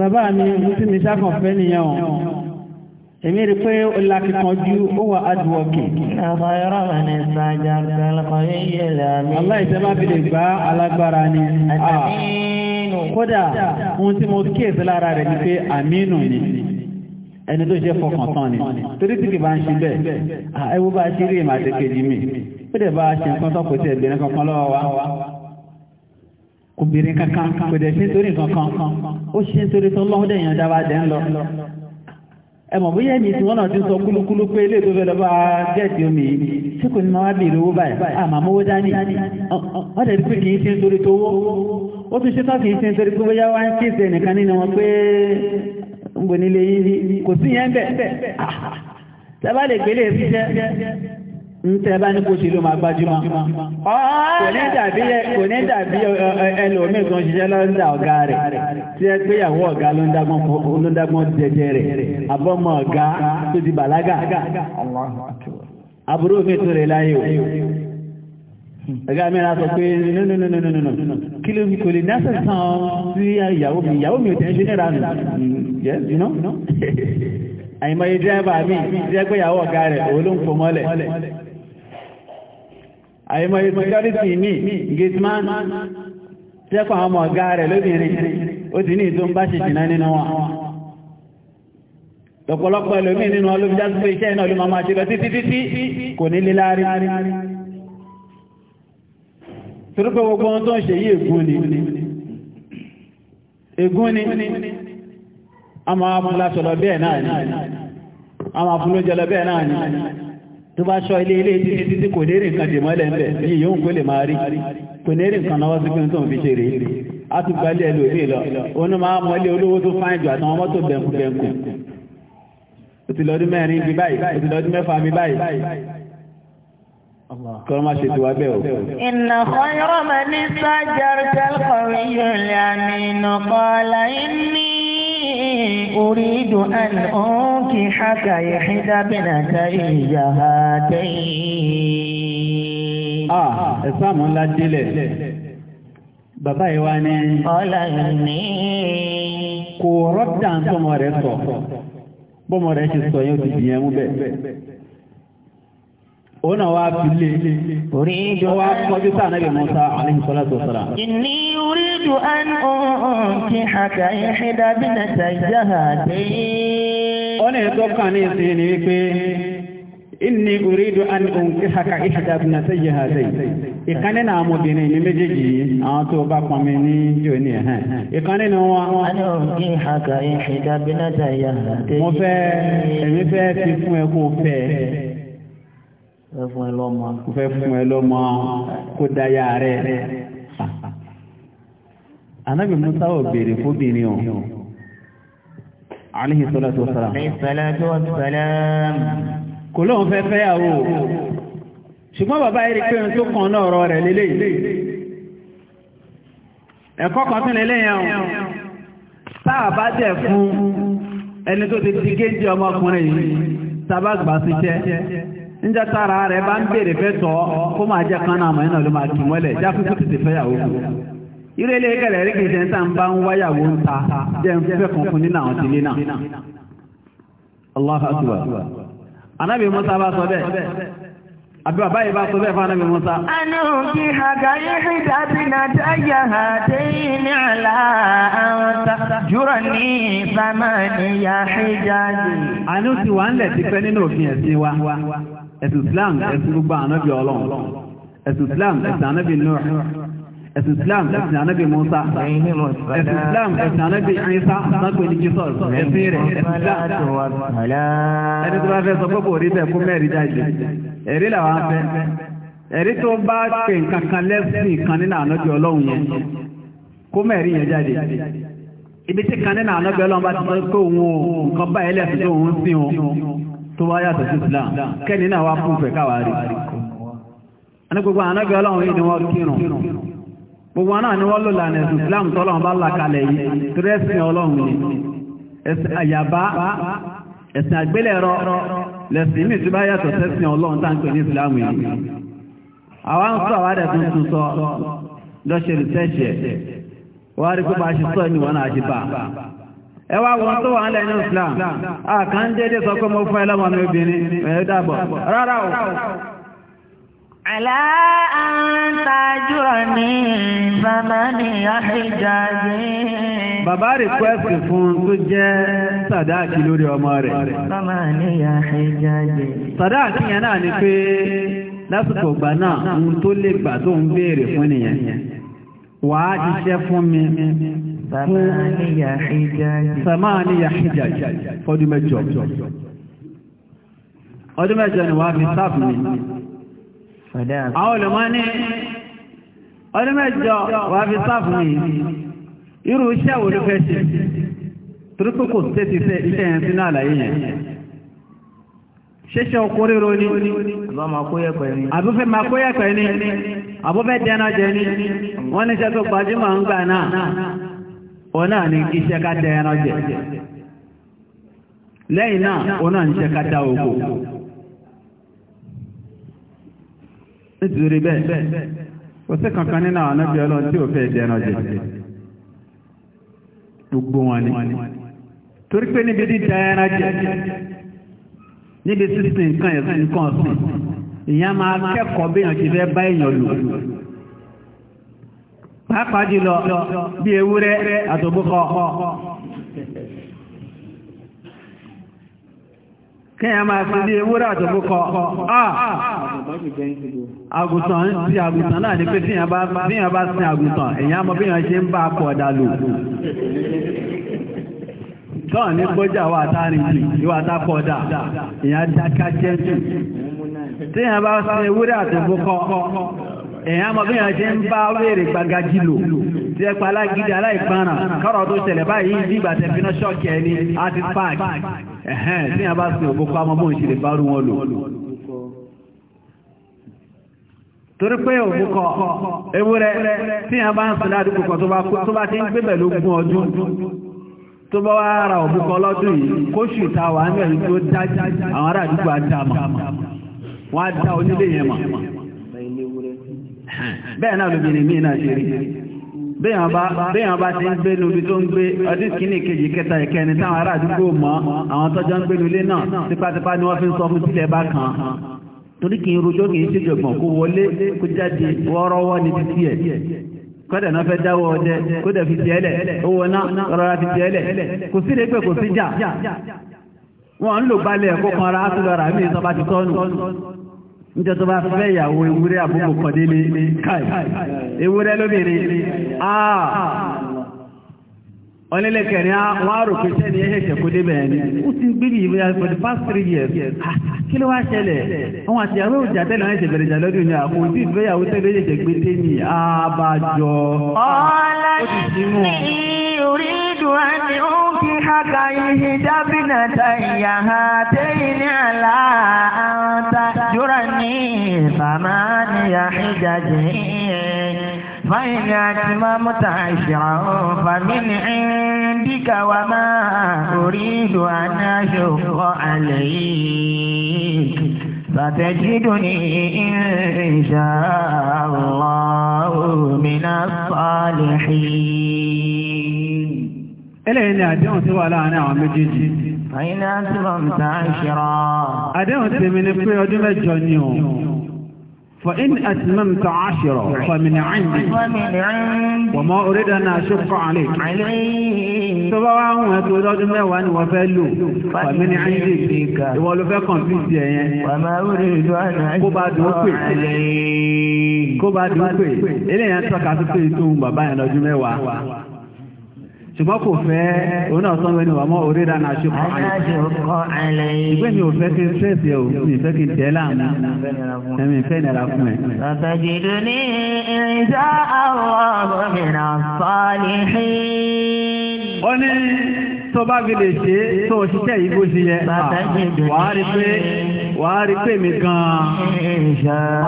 bàbá mi mo ti mi sákàn fẹ́ nìyẹn o èmi rí pé ó lakìkanjú ó wà adúwọ̀kì. ọ̀pọ̀ yọrọ wà ní ìsájà ọ̀pọ̀lọpọ̀ yíyẹ lẹ́mí. aláìsẹ́ bá fi lè gbá alágbára ni. àmínú. Ah. kódà ohun tí mo kíyèsí lára rẹ̀ ni pé àmínú ni ẹni tó ṣe fọkàn tán ni torí tí kì bá ń ṣe bẹ́ẹ̀ ah, ẹ wo bá ṣe rí ìmọ̀ àtẹkẹ́jì mi ó dẹ̀ bá ṣe nǹkan tó kò tẹ̀ ẹ̀bẹ̀rẹ̀ kankan lọ́wọ́ wa. obìnrin kankan kò dẹ̀ ṣe kankan ó ṣe nítorí tó lọ́wọ́ dẹ̀yàn dáwà dẹ̀ ń lọ ẹmọ̀ bóyá ẹ̀mí tí wọ́n náà ti sọ kúlúkúlú pé ilé tó fẹ́ bá gẹ̀ẹ́dì omi tí kò ní máa bèèrè owó báyìí àmà dání wọ́n ntẹ bá ní kó ṣe ló máa gbájúmọ́ kò ní dàbí kò ní dàbí ẹlòmíì kan ṣiṣẹ́ lọ́dà ọ̀gá rẹ̀ tí ẹ pé ìyàwó ọ̀gá ló ń dágbọ́n jẹjẹ rẹ̀ àbọ́mọ ọ̀gá tó ti bàlágà àbúrò mi tó rẹ̀ láyé o ọ̀gá mi ra sọ pé nínú kí ló kò lè dáṣẹ̀ tán sí ìyàwó mi ìyàwó mi ò tẹ̀ ń ṣe níranù (laughs) àìmọye dírẹ́bà mi jẹ́ pé ìyàwó ọ̀gá rẹ̀ òun ló ń fò mọ́lẹ̀ àìmọ̀ ìsecurity ní gateman tẹ́kọ̀ àwọn ọmọ ọ̀gá rẹ̀ lóbìnrin ó ti ní ìtò ń bá ṣe jìnà nínú wọn lọ́pọ̀lọpọ̀ ẹlòmí nínú olóbíjá tó iṣẹ́ iná olú máa ṣe ni ègún ni a máa fún láṣọ lọ bẹ́ẹ̀ tó bá ṣọ́ ilé ilé títí títí kò ní rí nǹkan dè mọ́lẹ̀ ń bẹ̀ ní yóò kó lè máa rí kò ní rí nǹkan náwọ́ sí pé tó ń fi ṣe rèé a tún gbalẹ̀ ẹlòmíì lọ òun máa mọ́lé olówó tó fáìn jù àtàwọn mọ́tò bẹ̀ǹkù bẹ̀ǹkù ó lọ́dún mẹ́rin bí báyìí ó lọ́dún mẹ́fà bí báyìí kọ́rọ́ máa ṣe ti wá bẹ́ẹ̀ o. inna khayra man istajarta al-qawiyyu al-aminu qala inni أريد أن أنكحك إحدى بنتي هاتين آه إسلام الله دليل bàbá ìwá ní ọlá ìní kò rọ́dà ń tọ́mọ rẹ̀ sọ bọ́mọ rẹ̀ ṣe sọ yóò ti dìyẹn mú bẹ́ẹ̀ ó náà wá fi lé orí ìjọ wá kọjú sáà náà bí mọ́ta aléhìsọ́lá tó sára ìní orí أريد أن أنكحك إحدى ابنتي هاتين. أنا أتوقع نيسيني inni uridu an unkihaka ihda ibnatayhi hadayn ìkan nínú àwọn obìnrin ní méjèèjì yìí àwọn tó bá pọn mi ní jò ní an unkihaka ihda ibnatayhi hadayn. mo fẹ́ èmi fẹ́ fi fún ẹ kó fẹ́ fẹ́ fún ẹ daya anábì musa ò béèrè fóbìnrin o alayhi salatu wasalam kò lóun fẹ́ fẹ́yàwó ṣùgbọ́n bàbá yìí rí pé ohun tó kàn náà ọ̀rọ̀ rẹ̀ lélẹ̀ ẹ̀kọ́ kan tún lélẹ̀ yẹn o táà bá jẹ́ fún ẹni tó ti ti géńjì ọmọkùnrin yìí tábà gbà síṣẹ́ níjẹ́ tára rẹ̀ bá ń béèrè fẹ́ tọ́ kó máa jẹ́ kan náà mọ̀ ẹ́ ló máa kì mọ́lẹ̀ jáfífù ti fẹ́yàwó fún irú ilé kẹlẹ̀ rí kìí ṣe ń tàn bá ń wáyàwó ń ta jẹ́ ń fẹ́ kankan nínú àwọn tìlé náà anábì Musa bá sọ bẹ́ẹ̀ àbí bàbá yìí bá sọ bẹ́ẹ̀ fún anábì Musa. anú kí àgáyé ìdábì náà ha á dé ní àlá àwọn jùrọ̀ ní ìfàmà ti wà ń lẹ̀ ti pẹ́ nínú òfin ẹ̀sìn wa ẹ̀sùn Islam ẹ̀sùn gbogbo ànábì Ọlọ́run ẹ̀sùn Islam ẹ̀sùn ànábì Nuh ẹ̀sìn islam ẹ̀sìn anabi musa ẹ̀sìn islam ẹ̀sìn anabi isa sanko ni jesus ẹ̀sìn rẹ̀ ẹ̀sìn islam ẹni tó bá fẹ́ sọ pé kò rí bẹ́ẹ̀ kó mẹ́rin jáde ẹ̀rí làwọn afẹ́ ẹ̀rí tó bá pè nǹkan kan lẹ́sìn kan nínú ànájú ọlọ́run yẹn kó mẹ́rin yẹn jáde ibi tí kan nínú ànájú ọlọ́run bá ti sọ pé òun ò nǹkan báyìí lẹ́sìn tó òun sìn òun tó wá yàtọ̀ sí islam kẹ́ni náà wá fún ìfẹ́ káwàá rí. àní ọlọ́run yìí ni wọ́n kírun gbogbo náà ni wọ́n lò lànà ẹ̀sùn Islam tọ́lọ́run bá làkalẹ̀ yìí tírẹ́sì ọlọ́run ni ẹ̀sìn àyàbá ẹ̀sìn àgbélẹ̀rọ lẹ̀sìn mi ti bá yàtọ̀ sẹ́sìn ọlọ́run tá ń ní Islam yìí àwa sọ àwádẹ̀ tuntun sọ lọ́ṣẹ̀ rìsẹ́ṣì sọ على أن تأجرني fún tó jẹ́ sàdáàkì lórí ọmọ rẹ̀. Sàdáàkì yẹn náà ni pé lásìkò ìgbà náà, ohun tó lè gbà tó ń fún nìyẹn. Wàá jíṣẹ́ fún mi fún sàmáníyà hijaji fọ́dún àwọn olùmọ́ ní ọdún wà fi sáàfù irú iṣẹ́ wo fẹ́ ṣe torípé kò fẹ́ iṣẹ́ yẹn sínú àlàyé yẹn ṣẹṣẹ àbúfẹ́ kó yẹ̀pẹ̀ ni àbúfẹ́ dẹ́nà jẹ ni wọ́n ní iṣẹ́ tó gbajúmọ̀ ń gbà náà náà ní iṣẹ́ ká dẹ́nà jẹ lẹ́yìn náà náà ká dá ogun. nítorí bẹ́ẹ̀ kò sí kankan nínú àwọn ọ̀nàbí ọlọ́run tí ò fẹ́ dẹ̀nà jẹ gbogbo wọn ni torí pé níbi dídá ẹran jẹ níbi sísìn nǹkan ẹ̀sìn nǹkan ọ̀sìn ìyẹn máa kẹ́kọ̀ọ́ bí èèyàn ti fẹ́ bá èèyàn lò pàápàá jùlọ bí ewúrẹ́ àtòbúkọ kẹ́yà máa fi ní ewúrẹ́ àtòkókọ ah! àgùntàn ti àgùntàn náà ní pé tíyàn bá sin àgùntàn èyàn mọ́ bí wọ́n ṣe ń bá pọ̀ dàlù tọ́ ní gbọ́jà wà tárin jù ìwà tápọ̀dà èyàn dáká jẹ́ jù tíyàn bá sin ewúrẹ́ àtòkókọ èyàn mọ́ bí wọ́n ṣe ń bá wèrè gbagajì lò tí ẹ pa alágídí aláìgbọràn kọ́rọ̀ tó ṣẹlẹ̀ báyìí nígbà tẹ̀fínà ẹ̀hẹ́n tí a bá sin ògbókọ́ amọ́bọ̀n bá rú wọn lò torí pé ewúrẹ́ tí a bá ń sin ládùúgbò kan tó bá ti ń gbé ọdún tó bá wá ra lọ́dún yìí ta wà ń bẹ̀rù tó àwọn ará àdúgbò àti béèyàn bá ti ń gbé níbi tó ń gbé ọdún kìíní kejì kẹta ìkẹni táwọn ará àdúgbò mọ́ àwọn tọ́jọ́ ń gbé nílé náà tipátipá ni wọ́n fi ń sọ fún tílẹ̀ bá kan torí kì í rojọ́ kì í ṣèjọ̀gbọ̀n kó wọlé kó jáde wọ́ọ́rọ́wọ́ ní títí ẹ̀ kọ́dẹ̀ náà fẹ́ dáwọ́ ọdẹ kó dẹ̀ fi tiẹ́lẹ̀ owó náà rọra fi tiẹ́lẹ̀ kò sí lè kò sí jà wọ́n ń lò balẹ̀ kó kan ra á níjọ́ tó bá fẹ́ ìyàwó ewúrẹ́ àbúkò kọ̀délé káì ewúrẹ́ lóbìnrin àà ah! ọlẹ́lẹ́ kẹrin wọ́n á rò pé sẹ́ni ẹ̀ṣẹ̀ kó débẹ̀ ó ti gbé ní for the past three years ah, kí ló wá ṣẹlẹ̀ àwọn àti àwọn òjà tẹ́lẹ̀ bẹ̀rẹ̀ jà lọ́dún ní àpò tí ìgbéyàwó tẹ́lẹ̀ ẹ̀ṣẹ̀ gbé dé ní àbájọ ó ابنتي هاتين على أن تأجرني ثماني حجج فإن أتممت عشرا فمن عندك وما أريد أن أشق عليك فتجدني إن شاء الله من الصالحين. إلينا دون سوى لا نعم جديد. Àyínlá tí wọ́n ń ta ṣírọ́. Àdéhùn tèmi ni pé ọdún mẹ́jọ ni o. فإن أتممت عشرة فمن عندي وما أريد أن أشق عليك سواء وتريد موان وفلو فمن عندي ولو فكن في الدين وما أريد أن أشق عليك kó bá dùn pé eléyàn tọ́ka tó pé tó ṣùgbọ́n kò fẹ́ òun náà sọ́nwé ni wà mọ́ orí ìdáná aṣọ́kọ̀ àlẹ́ ìgbẹ́ mi ò fẹ́ kí n fẹ́ẹ̀sì ẹ̀ mi fẹ́ kí n tẹ́ láàmú ẹ̀mí fẹ́ nira fún ẹ̀. ọ̀tọ̀jìdù ní ìjà àwọn gómìnà sọ́ọ̀lì hìn. ó ní tó bá fi lè ṣe tó òṣìṣẹ́ yìí bó ṣe yẹ wàá rí pé wà á rí pé mi gan-an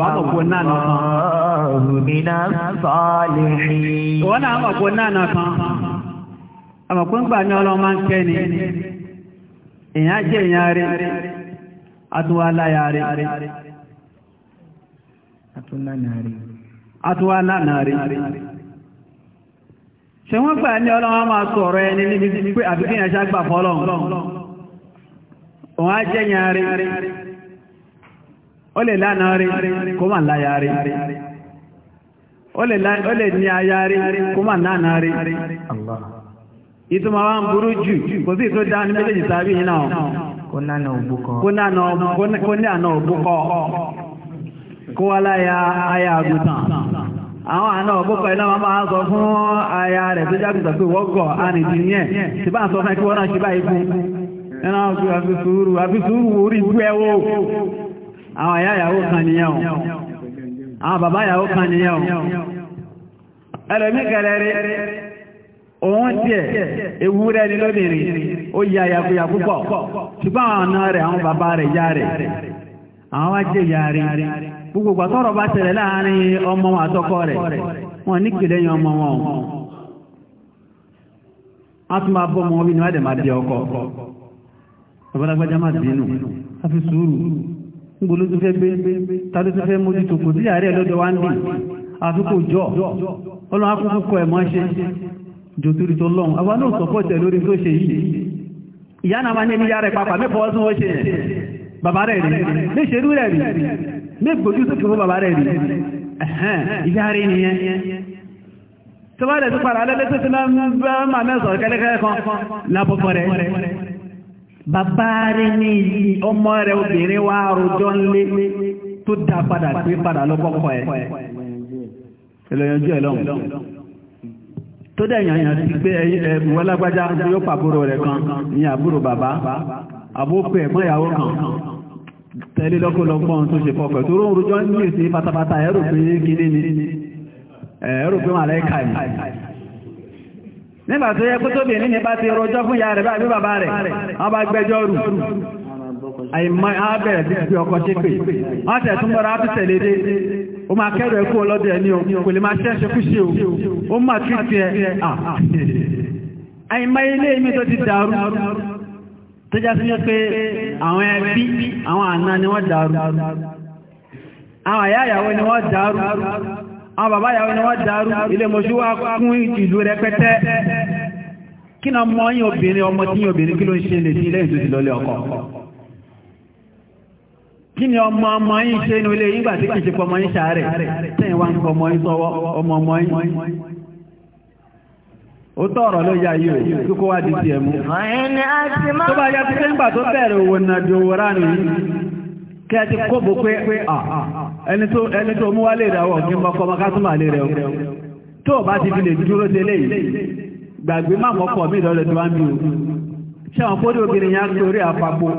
wà wọ́n náà mọ̀ náà kan àmọ̀ pé nke ọlọ́run máa ń kẹ́ ni èèyàn jẹ́ èèyàn rí rí rí ṣe wọ́n gbà ní ọlọ́run máa sọ̀rọ̀ ẹni níbi pé gbà fọ́lọ́run òun á jẹ́ yàn rí ó lè lánàá rí kó mà láyà rí ó lè ní aya rí kó mà nánà rí ìtumọ̀ wa ń burú jù kò sí ìtò dání méjèèjì tàbí yìí náà kó nánà òbúkọ kó wá láyà aya àgùntàn àwọn àna máa sọ fún aya rẹ̀ tó jágùntàn pé wọ́gọ̀ àrìndì yẹn tí bá ń sọ fún ẹkí wọ́n náà ṣe báyìí fún ẹ̀nà ojú àbísúúrù àbísúúrù orí ụrụ ẹwọ́ àwọn àyá ìyàwó ya àwọn bàbá ìyàwó kan nìyàn kẹrẹrẹ òun tiẹ̀ ewúrẹ́ ni lóbìnrin ó yà yàkúyà púpọ̀ ṣùgbọ́n àwọn bàbá rẹ̀ yá rẹ̀ àwọn wá jẹ́ yà rẹ̀ gbogbo gbàtọ́rọ̀ bá ọmọ wọn a wọ́n babalágbájá má bínú a fi sùúrù nígbòló tó fẹ́ gbé tàbí tó fẹ́ mójútó kò sí àárẹ̀ lọ́dọ̀ wá ń dì àfikò jọ ọlọ́run akúkú kọ ẹ̀mọ́ ṣe jòtúrì tó lọ́run àwọn náà sọ́pọ̀ tẹ̀ lórí tó ṣe yìí ìyá náà máa ní ẹniyà rẹ̀ papà mẹ́fọ́ ọdún ó ṣe yẹn bàbá rẹ̀ rí méṣerú rẹ̀ rí mégbòjú tó kìí fún bàbá rẹ̀ rí ìyá rí nìyẹn tó bá rẹ̀ tó padà alẹ́lẹ́sẹ̀ tó náà bá máa mẹ́sàn-án kẹ́lẹ́kẹ́lẹ́ kan lábọ́kọ rẹ̀ bàbá rí ní iyì ọmọ rẹ̀ obìnrin wa rojọ́ nlé tó dá padà gbé padà lọ́kọ́kọ́ ẹ̀ ìlọ́yànjú ẹ̀ lọ́hùn tó dẹ̀ yànyàn sí pé ẹ̀mùwẹ́ lágbájá yóò pàbúrò rẹ̀ kan ní àbúrò bàbá àbókù ẹ̀gbọ́n ìyàwó kan tẹ̀lé lọ́kọ́lọ́gbọ́n tó ṣe fọ́fẹ̀ tó rojọ́ ní pátápátá pé nígbà tó yẹ pé tóbi ní ti rọjọ́ fún ìyá rẹ̀ bá gbé bàbá rẹ̀ wọ́n bá gbẹjọ́ rù àìmọ́ àbẹ̀rẹ̀ bí i ọkọ̀ ṣe pé wọ́n tẹ̀ tún bọ́ra o ma kẹ́rọ ẹkú ọlọ́dẹ̀ ẹni o kò lè máa o ti ẹ àìmọ́ ilé mi tó ti dàrú tó já sí pé wọ́n dàrú àwọn ni wọ́n dàrú àwọn baba ni wọ́n dárú ilé mọ̀ṣú wá kún ìlú rẹpẹtẹ kí na mọ́ yín obìnrin ọmọ tí yín obìnrin kí ló ń ṣe lè sí ọkọ kí ni ọmọ ọmọ yín ṣe inú ilé yín gbàtí kìí ṣe pọmọ ṣàárẹ̀ tẹ́yìn ọmọ ẹni tó mú wálé ìràwọ̀ kí n mọ́kọ́ mọ́kásùmà lè rẹ̀ tó bá ti fi lè dúró délé gbàgbé má mọ́kọ̀ mí ìdọ́lẹ̀ tó bá ń bí o ṣe àwọn kódé obìnrin yá lórí àpapọ̀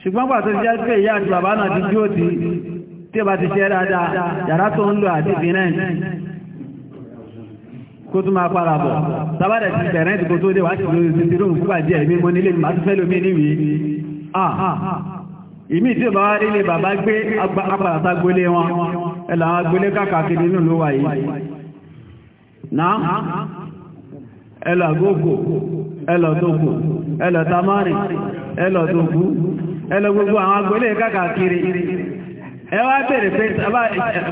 ṣùgbọ́n pàtó ti jẹ́ pé ìyá àti bàbá náà ti dúró ti tí ó bá ti ṣe dáadáa yàrá tó ń lò àti ìbínẹ́ kó tún máa para bọ̀ sábàdà ti bẹ̀rẹ̀ ìdìbò tó dé wá sí lórí títí rúùmù fúgbà díẹ̀ mímọ́ nílé ìmí tí bá rí lè bàbá gbé apàtàtà gbélé wọn ẹ̀là àwọn gbélé kàkàkiri nínú ló wà yìí náà ẹ̀là gógó ẹ̀là tógó ẹ̀là tamari ẹ̀là tógó ẹ̀là gbogbo àwọn gbélé kàkàkiri ẹwà bèèrè pé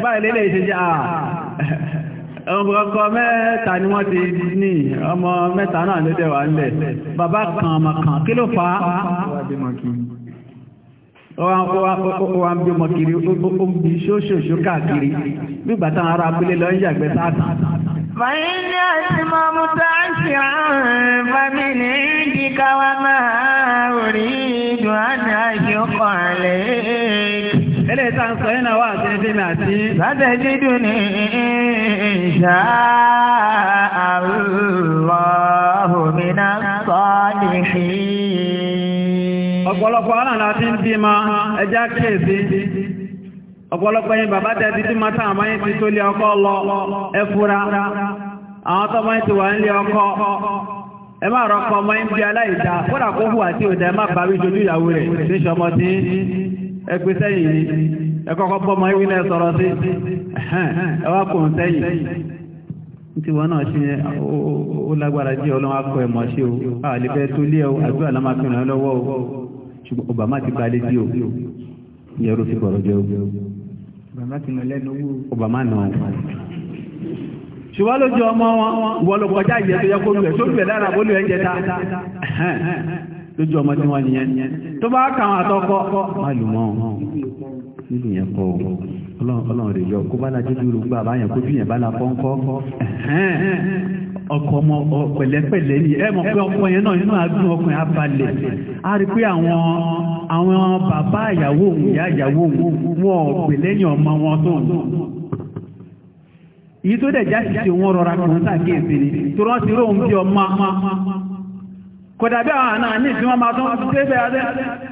bá ilélẹ̀ ìṣẹ́jẹ́ àà ọkọ̀ mẹ́ta ni wọ́n ti ní ọmọ mẹ́ta náà ló dẹ̀wà ń lẹ̀ bàbá kan ọmọ kan kí ló fà á wọ́n wá ń bí ọmọ kiri ó ń bí ṣóṣòṣó káàkiri nígbà táwọn ará abúlé lọ ń yàgbẹ́ sáàtà. fàyínní àti mọ́mú tá a ṣe àrùn fámìlì ìdí káwá máa rí ìdùn àná àyọkọ̀ àlẹ́. eléyìí tá à ń ọ̀pọ̀lọpọ̀ ọ̀nà láti ń bí ma ẹjá kíyèsí ọ̀pọ̀lọpọ̀ yìí bàbá tẹ́ títí mátà àmọ́ yìí ti tó lé ọkọ lọ ẹfúra àwọn tọ́mọ yìí ti wà ń lé ọkọ ẹ máa ọmọ yìí bí kó má jojú ìyàwó rẹ̀ ní tí tí náà ṣe ó lágbára ọlọ́wọ́ o tó lé ṣùgbọ́n obama ti balẹ̀ dí o ìyẹn ló fi jẹ́ o. obama ti nà lẹ́nu wò. obama nà ọ́. ṣùgbọ́n lójú ọmọ wọn wọ́n lọ kọjá ìyẹn tó yẹ kó lù ẹ̀ tó lù ẹ̀ lára bó lù ẹ̀ jẹ ta lójú ọmọ tí wọ́n nìyẹn tó bá kà wọn àtọkọ má lù mọ́ nílùú yẹn kọ́ o. ọlọ́run yọ kó bá dúró kó ọkọ ọmọ pẹ̀lẹ́pẹ̀lẹ́ ni ẹ mọ̀ pé ọkọ yẹn náà inú abalẹ̀ a rí pé àwọn bàbá ìyàwó òun ìyá ìyàwó òun wọn lẹ́yìn ọmọ wọn tó ń tó dẹ̀ jáde rọra kàn ni tó rán sí bí ọmọ bí àwọn àná máa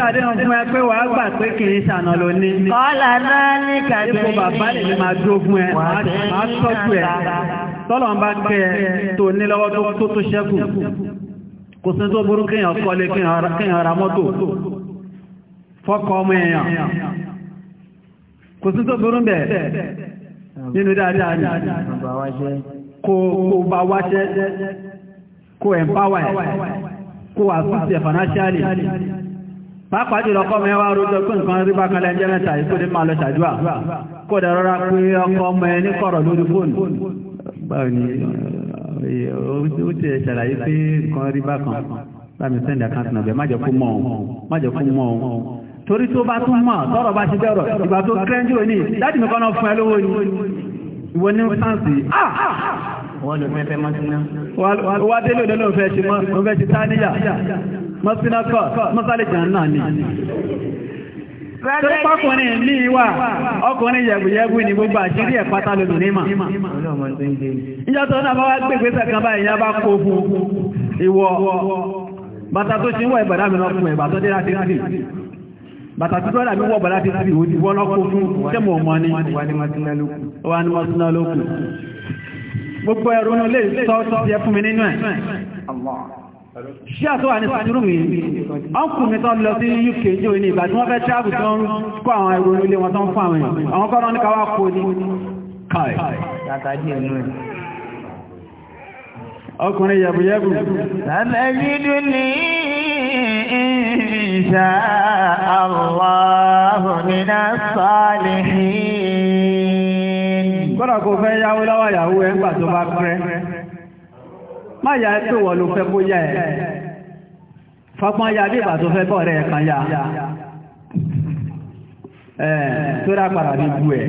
ṣàdéhùn fún ẹ pé wàá gbà pé kì í ṣànà ló ní. kọ́lá náà ní kàdé yìí. ipò bàbá lè ní máa dúró fún ẹ máa tọ́jú ẹ tọ́lọ̀ ń bá kẹ́ ẹ tó ní lọ́wọ́ tó tó ṣẹ́kù kò sí tó burú kéèyàn kọ́lé kéèyàn ra mọ́tò fọ́kọ ọmọ èèyàn kò sí tó burú bẹ̀ nínú dáadáa ni kò bá wáṣẹ́ kò empower kò assist financially pàápàá jùlọ kọ́ mẹ́wàá rújọ pé nǹkan rí bá kan lẹ́jẹ́ mẹ́ta yìí kó dé máa lọ ṣàdúrà kó dẹ̀ rọra pé ọkọ ọmọ ẹ ní kọ̀rọ̀ lórí fóònù báwo ni ó ti ṣàlàyé pé nǹkan rí bá kan láti sẹ́ndì àkáǹtì náà bẹ́ẹ̀ má jẹ́ kó mọ̀ ọ́n má jẹ́ kó mọ̀ ọ́n torí tó bá tún mọ̀ tọ́rọ̀ bá ṣe dẹ́rọ̀ ìgbà tó kẹ́ńjú òní dájú mi kọ́nà fún ẹ lówó ni ìwọ ní sáǹsì ah! wọ́n lò fẹ́ fẹ́ mọ́ sí náà wọ́n mọ́sínákọ̀ mọ́sálẹ̀jà náà ni torí pákùnrin ní ìwà ọkùnrin yẹ̀bùyẹ̀bù ni gbogbo àṣírí ẹ̀ pátá lónìí níma ìjọ́ tó náà bá wá gbẹ̀gbẹ̀sẹ̀ kan báyìí yá bá kó fún ìwọ bàtà tó ṣe ń wọ ìbàdá mi lọ́kùn ẹ̀bà tó dé láti rí bàtà tí tọ́lá mi rí ṣíà tó wà ní sàtúrù mi ọkùn mi tán lọ sí UK jò ní ìgbà tí wọ́n fẹ́ travel tó ń kó àwọn ẹ̀rọ ilé wọn tán fún àwọn èèyàn àwọn kọ́nà ní káwà kó ní káì ọkùnrin yẹ̀bùyẹ̀bù má yà pé wọ́n ló fẹ́ kó yá ẹ̀ fọ́pọ́n ya bí ìbà tó fẹ́ bọ́ rẹ̀ kan yá ẹ̀ tó rà padà bí bú ẹ̀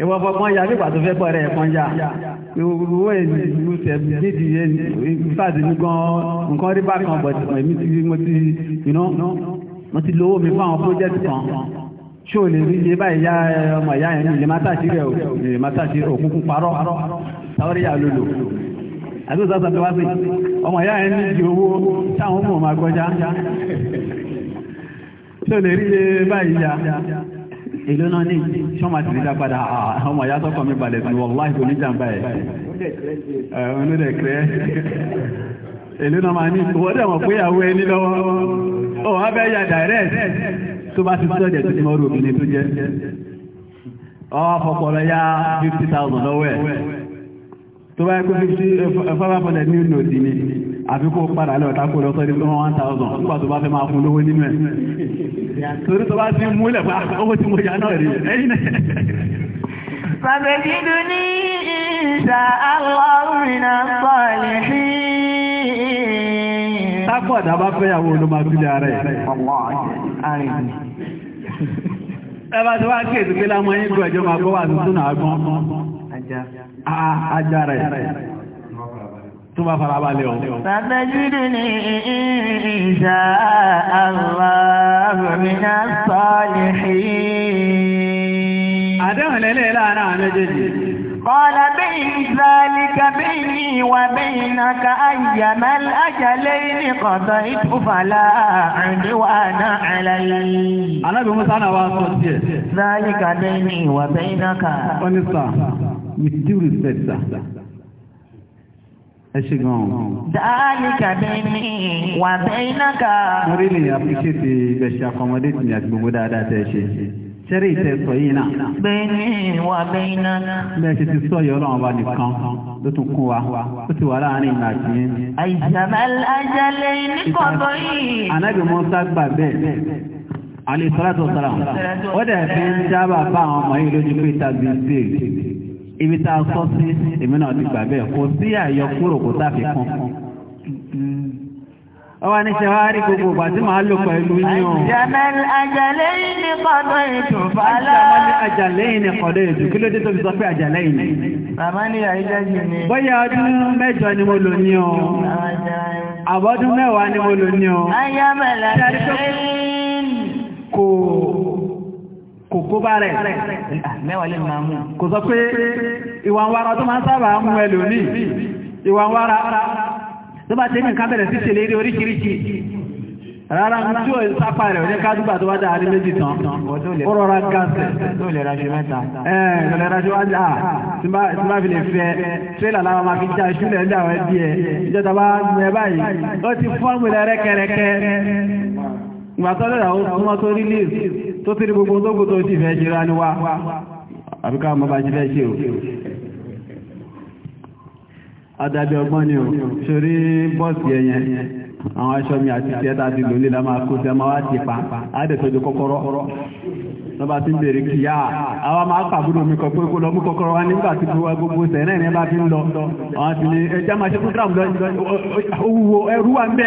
ìwọ fọ́pọ́n ya bí ìbà tó fẹ́ bọ́ rẹ̀ kan yá ìwọ ìlú tẹ̀bí nídi ìfàdí ní gan nǹkan rí bákan bọ̀tì èmi ti mo ti mo ti lówó mi fún àwọn pọ́jẹ́tì kan ṣó lè rí iye báyìí yá ọmọ ìyá yẹn lè má tàṣírẹ̀ òkùnkùn parọ́ táwọn rí yà lólò àbí òsàtà tó wá sí ọmọ ìyá ẹni di owó táwọn mọ̀ máa kọjá tí ó lè rí ṣe báyìí ya èlò náà ní ṣọ́mà ti dídá padà ah, ọmọ ìyá tọ́kọ̀ mi balẹ̀ sí wọ́láì kò ní jàǹbá ẹ̀ onúdẹ̀kẹ́ èlò náà máa ní ìwọ́dẹ̀ mọ̀ pé ìyàwó ẹni lọ́wọ́ ó wọ́n fẹ́ ya direct tó bá ti sọ́dẹ̀ tó ti mọ́ rò obìnrin tó jẹ́ ọ fọpọlọ ya fifty thousand lọ́wọ́ ẹ̀ tó bá yẹ kó fífi eh, eh, five hundred ní nòdì ni àfi kó padà lọ tako lọ sọ́dí one thousand nígbà tó bá fẹ́ máa fún lówó nínú ẹ̀ torí tó bá ti múlẹ̀ pa owó tí mo yá náà rí ẹ̀yìn náà. Fàbẹ̀kídù ní ìṣà àlọ́rìnà pọ̀lì sí. Tápọ̀dà Ah, ajára ẹ̀ tó bá fara balẹ̀ ọ̀. Sàtẹ́júdù ni ìṣà àwọ̀mìnà sọ́ọ̀lì ṣí. Àdéhùn lẹ́lẹ́ láàárín àwọn méjèèjì. Kọ́lá bí ìzàlìkà bí ní ìwà bí ìnaka àyàmá àjàlé ní kọ̀tọ̀ ìtúfàlà àríwá náà àlàyé. Alábìmúsá náà wá sọ sí ẹ̀. Zàlìkà bí ní ìwà bí ìnaka. Ó ní sọ we still respect that. Ẹ ṣe gan-an. Dáàlì kàbí ni wà bẹ́ẹ̀ náà ká. Mo rí lè appreciate ibẹ̀ ṣe accommodate mi àti gbogbo dáadáa tẹ́ ṣe. Ṣẹ́rí ìtẹ́ sọ yìí náà. Bẹ́ẹ̀ni wà bẹ́ẹ̀ náà. Bẹ́ẹ̀ ṣe ti sọ yọ ọlọ́run ọba nìkan ló tún wa. Ó ti wà láàárín ìgbà tí. Àìsàbẹ̀l ajalẹ̀ níkọ̀tọ̀ yìí. Ànábì Musa gbà bẹ́ẹ̀. Àlè sọ́lá tó sọ́ra. Ó dẹ̀ fi ibi tá a sọ sí èmi náà ti gbà bẹ́ẹ̀ kò sí àyọkúrò kò sáfi kan. Ọwá ní ṣẹwárí gbogbo ìgbà tí máa lò pẹ̀lú yín o. Jamal ajalẹ́yìn ni kọ̀dọ̀ ètò Jamal ajalẹ́yìn ni kọ̀dọ̀ ètò kí ló dé tó fi sọ pé ajalẹ́yìn ni. Bàbá ní àìjẹ́jì ni. Bóyá ọdún mẹ́jọ ni mo lò ní o. Àbọ̀dún mẹ́wàá ni mo lò ní o. Ayá mẹ́lá ajalẹ́yìn. Kò kò kó bá rẹ̀ ah, mẹ́wàá lè máa mú kò sọ pé ìwà ń wára tó máa sábà mú ẹlòmíì ìwà ń wára tó bá tẹ́ nǹkan bẹ̀rẹ̀ sí ṣẹlẹ̀ eré rárá ní tí ó rẹ̀ ní kádùgbà tó wá dáadé méjì tán ó rọra gáàsẹ̀ tó lè mẹ́ta gbàtọ́lẹ̀yà ó súnmọ́ tó rí tó tí gbogbo tó sì fẹ́ jìra ní àbíká ọmọ o ọgbọ́n ni o ṣorí bọ́ọ̀sì ẹ̀yẹn mi àti ti lò nílá máa kó wá ti pa ti ní ẹjá máa ṣe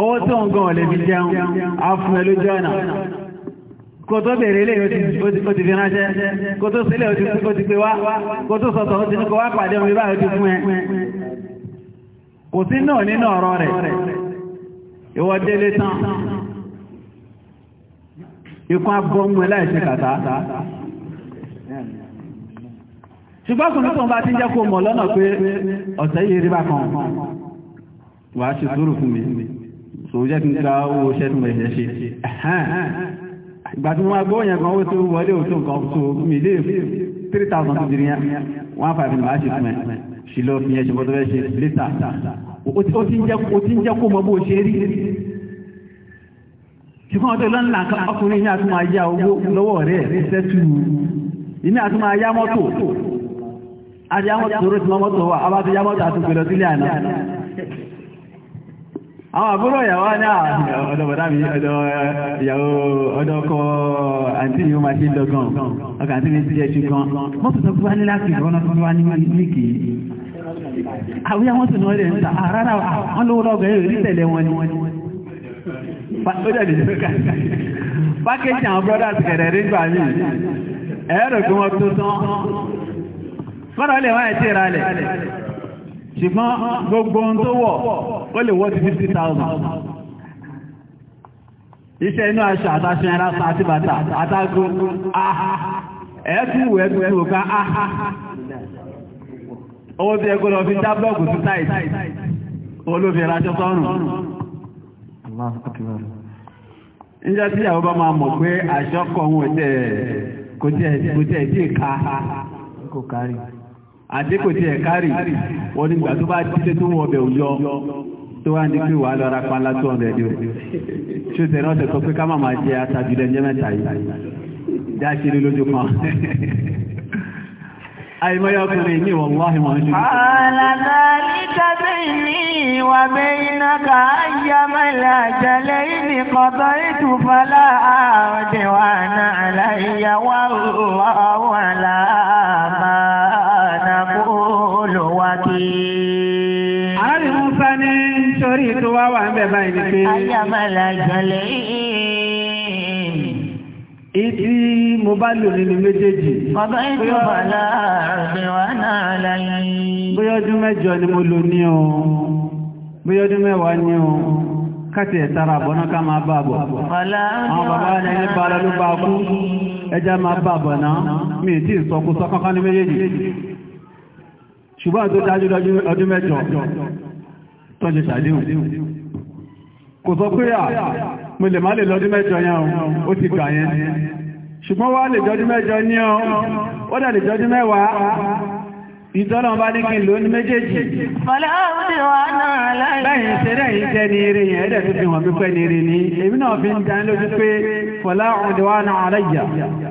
ọwọ́ tó ń gan ọ̀lẹ́bí jẹun afún ẹlójú ọ̀nà kò tó bèèrè ilé ó ti fi ránṣẹ́ kò tó sílẹ̀ ó ti pé wá kò tó sọ̀tọ̀ ó ti ní kò wá pàdé omi báyìí ó ti fún ẹ kò sí náà nínú ọ̀rọ̀ rẹ̀ ìwọ délé tán ikú abọ́mú ẹ láìsí kàtà ṣùgbọ́n kùnú tó ń bá ti jẹ́ kó mọ̀ lọ́nà pé ọ̀sẹ̀ yìí rí bákan wàá ṣe sùúrù fún mi so jẹ́ kí n ká owó iṣẹ́ tí mo ṣe ṣe ìgbà tí wọ́n three thousand tó dirí one five ni màá ṣe fún ẹ ṣì lọ fi yẹn ṣe bọ́tọ́ fẹ́ ṣe létà ó ti ń jẹ́ kó mọ bó ṣe rí ṣùgbọ́n ọdún lọ́nà ọkùnrin ní àtúmọ̀ ayá owó lọ́wọ́ rẹ̀ ṣẹ́tù ní àtúmọ̀ ayá mọ́tò àti àwọn tòrò tí àwọn àbúrò ìyàwó ní ọ̀dọ̀bọ̀dámi eh, ìyàwó ọ̀dọ́kọ àti ìyàwó máa ṣe dọ́gán ọkà àti ìrìn síjẹ́ ṣùgbọ́n tó ní láti tó wá ní ń ta àrárá ah, wọn lówó lọ́gọ̀ ẹ̀rọ rí wọn ni pákéjì àwọn brothers kẹ̀rẹ̀ rí gbà mí ẹ̀rọ kí wọ́n tó tán wọ́n ṣùgbọ́n gbogbo ohun tó wọ̀ ó lè wọ́ ti 50,000 iṣẹ́ inú aṣọ àtàṣẹ ara sa bàtà aha ẹ̀ẹ́kùwò ká aha owó tí ẹgbẹ́ lọ fi sí táìtì olófin ẹ̀ráṣọ́ sọ́rùn níjọ́ tí ìyàwó bá máa mọ̀ pé àṣọ́kọ̀ ohun ẹ̀tẹ́ kò tẹ̀ sí ìka kò àti kò tiẹ̀ kárì wọ́n nígbà tó bá dídé tó wọ́n bẹ̀ yọ tó wá ní pé wàá lọ́ra pa látó ọ̀rẹ́ ni o ṣó tẹ̀ náà tẹ̀kọ́ pé ká má máa jẹ atajúdẹ ẹjẹ́ mẹ́ta yìí dá ṣe lójú kan. àìmọye ọkùnrin ní ìwọ̀n wá ìwọ̀n ṣe. àlàlà níta bẹ́ẹ̀ ni iná ká yá mẹ́lẹ̀ àjẹlẹ̀ ìní kọ́tọ́ ìtùfọ́lá àwọ̀dẹ̀wà náà àlàyé wà wà wà láàmà. وكيل عربي ní sórí ètò wa wà ń bẹ̀ báyìí ni pé. ayamala jọlẹ̀ Ìtí mo bá lò nínú méjèèjì. Ọba ètò bàlá àrùn wa náà láyé. Bóyá ọdún mẹ́jọ ni mo lò ní o, bóyá ọdún mẹ́wàá ní o, káti ẹ̀tara ká máa bá Àwọn bàbá ní bá kú, máa bá náà, mi tí ì sọ kankan ní méjèèjì. ṣùgbọ́n tó dájú ọdún mẹ́jọ tó ṣe ṣàdéhùn kò sọ pé à mo lè má lè lọ́dún mẹ́jọ yẹn ó ti gbà yẹn ṣùgbọ́n wá lè jọ́dún mẹ́jọ ní ọ ó dẹ̀ lè jọ́dún mẹ́wàá ìtọ́lọ̀ bá ní kí ló ní méjèèjì lẹ́yìn ṣẹ́rẹ̀ yìí jẹ́ ní eré yẹn ẹ̀dẹ̀ tó fi hàn mí pẹ́ ní eré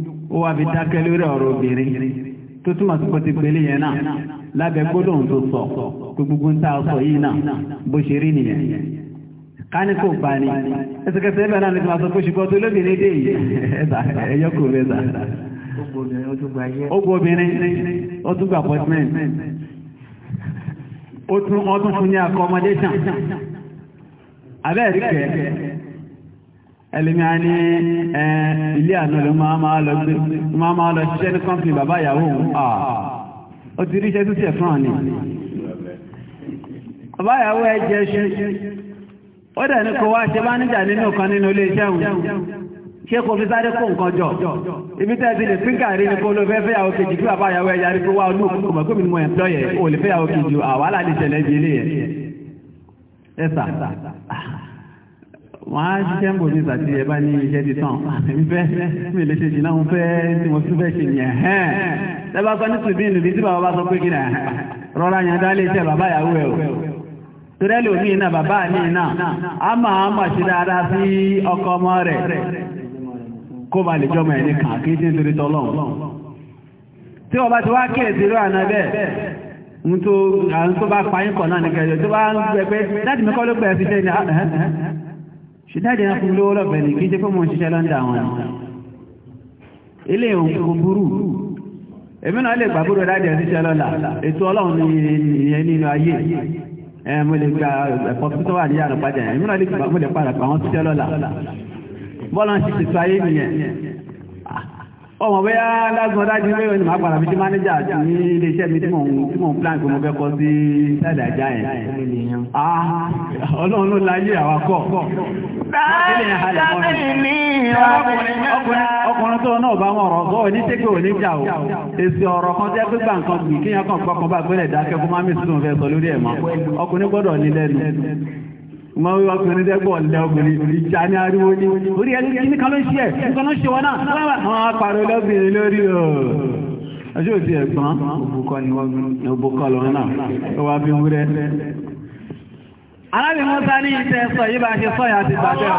ó wá fi dákẹ́ lórí ọ̀rọ̀ obìnrin tó túmọ̀ sí pọ̀tí pẹ̀lú yẹn náà lábẹ́ gbólóhùn tó sọ pé gbogbo ń tá sọ yìí náà bó ṣe rí nìyẹn kání bá ní ẹsẹ̀kẹsẹ̀ ẹ̀bẹ̀ náà ni sọ pé ṣùgbọ́n tó lóbìnrin dé yìí ẹ̀yọ́ kò obìnrin ó tún gba appointment ó tún fún ní kẹ́ẹ̀ ẹlẹ́mí a ní ilé àná ló máa máa lọ ṣiṣẹ́ ní kọ́mpìnì bàbá ìyàwó àà ó ti ríṣẹ́ tó tẹ̀ fún àní bàbá ìyàwó ẹ jẹ́ ṣe ó dẹ̀ ní kò wá ṣe bá níjà nínú kan nínú ilé iṣẹ́ òun ṣé kò fi sáré kó nǹkan jọ ibi tẹ́ ti lè pín kàrí ní kó ló fẹ́ fẹ́ yàwó kejì kí bàbá ìyàwó ẹ yarí pé wá olú òmùgbọ̀n gómìnà mọ̀ ẹ̀mplọ́yẹ̀ ò lè wọ́n á ṣiṣẹ́ ń bòjú ẹ̀ bá ní iṣẹ́ ti tán àmì ah, mi lè ṣe jìnnà òun fẹ́ tí mo tún fẹ́ ṣe yẹn hẹ́n lẹ́bàá ní tùbí ìlú tí ah, rọra dá lè ṣe bàbá ìyàwó o torí ẹ̀ bàbá máa ṣe dáadáa sí ọkọ ọmọ rẹ̀ kó ba lè jọmọ kàn kí tí wọ́n bá ti wá kíyèsí àná bẹ́ẹ̀ tó kọ̀ ṣùdáde náà fún lówó lọ́fẹ̀ẹ́ ní kí ṣe fún mọ̀ ṣiṣẹ́ lọ́ndà wọn ilé òun burú èmi náà lè gbàgbúrò dáadé ṣiṣẹ́ lọ́la ètò ọlọ́run ní ìyẹn nínú ayé mo lè gba ẹ̀kọ́ tó wà níyàrá padà èmi náà lè gbàgbúrò padà pa àwọn ṣiṣẹ́ lọ́la bọ́lá ń ṣiṣẹ́ ayé nìyẹn ọmọ bóyá lágbọn dájú pé òní máa padà fi sí mánéjà ní iléeṣẹ́ mi tí mò ń tí mò ń plan pé mo fẹ́ kọ́ sí sáàdà ajá yẹn. Ah, ọlọ́run ló láyé àwa kọ̀. ọkùnrin tó náà bá wọn ọ̀rọ̀ gbọ́ òní tẹ́kẹ̀ òní jà o èsì ọ̀rọ̀ kan tẹ́ gbígbà nǹkan gbì kíyàn kan gbọ́kàn bá gbẹ́lẹ̀ dákẹ́ fún mámì sínú fẹ́ sọ lórí ẹ̀ mọ́ ọkùnrin gbọ́dọ̀ ní lẹ́nu ma wíwá ọkùnrin dẹ́gbọ̀ ọ̀lẹ́ obìnrin ìjà ní ariwo ní orí ẹni kí ní kan ló ń ṣe ẹ̀ nǹkan ló ń ṣe wọn náà àwọn apàrọ̀ lọ́bìnrin lórí o ọjọ́ òsì ẹ̀gbọ́n òbúkọ lọ́wọ́ náà ó wá bí wúrẹ́ alábì musa ní ìtẹ́ sọ yí bá ṣe sọ yà ti bàtẹ́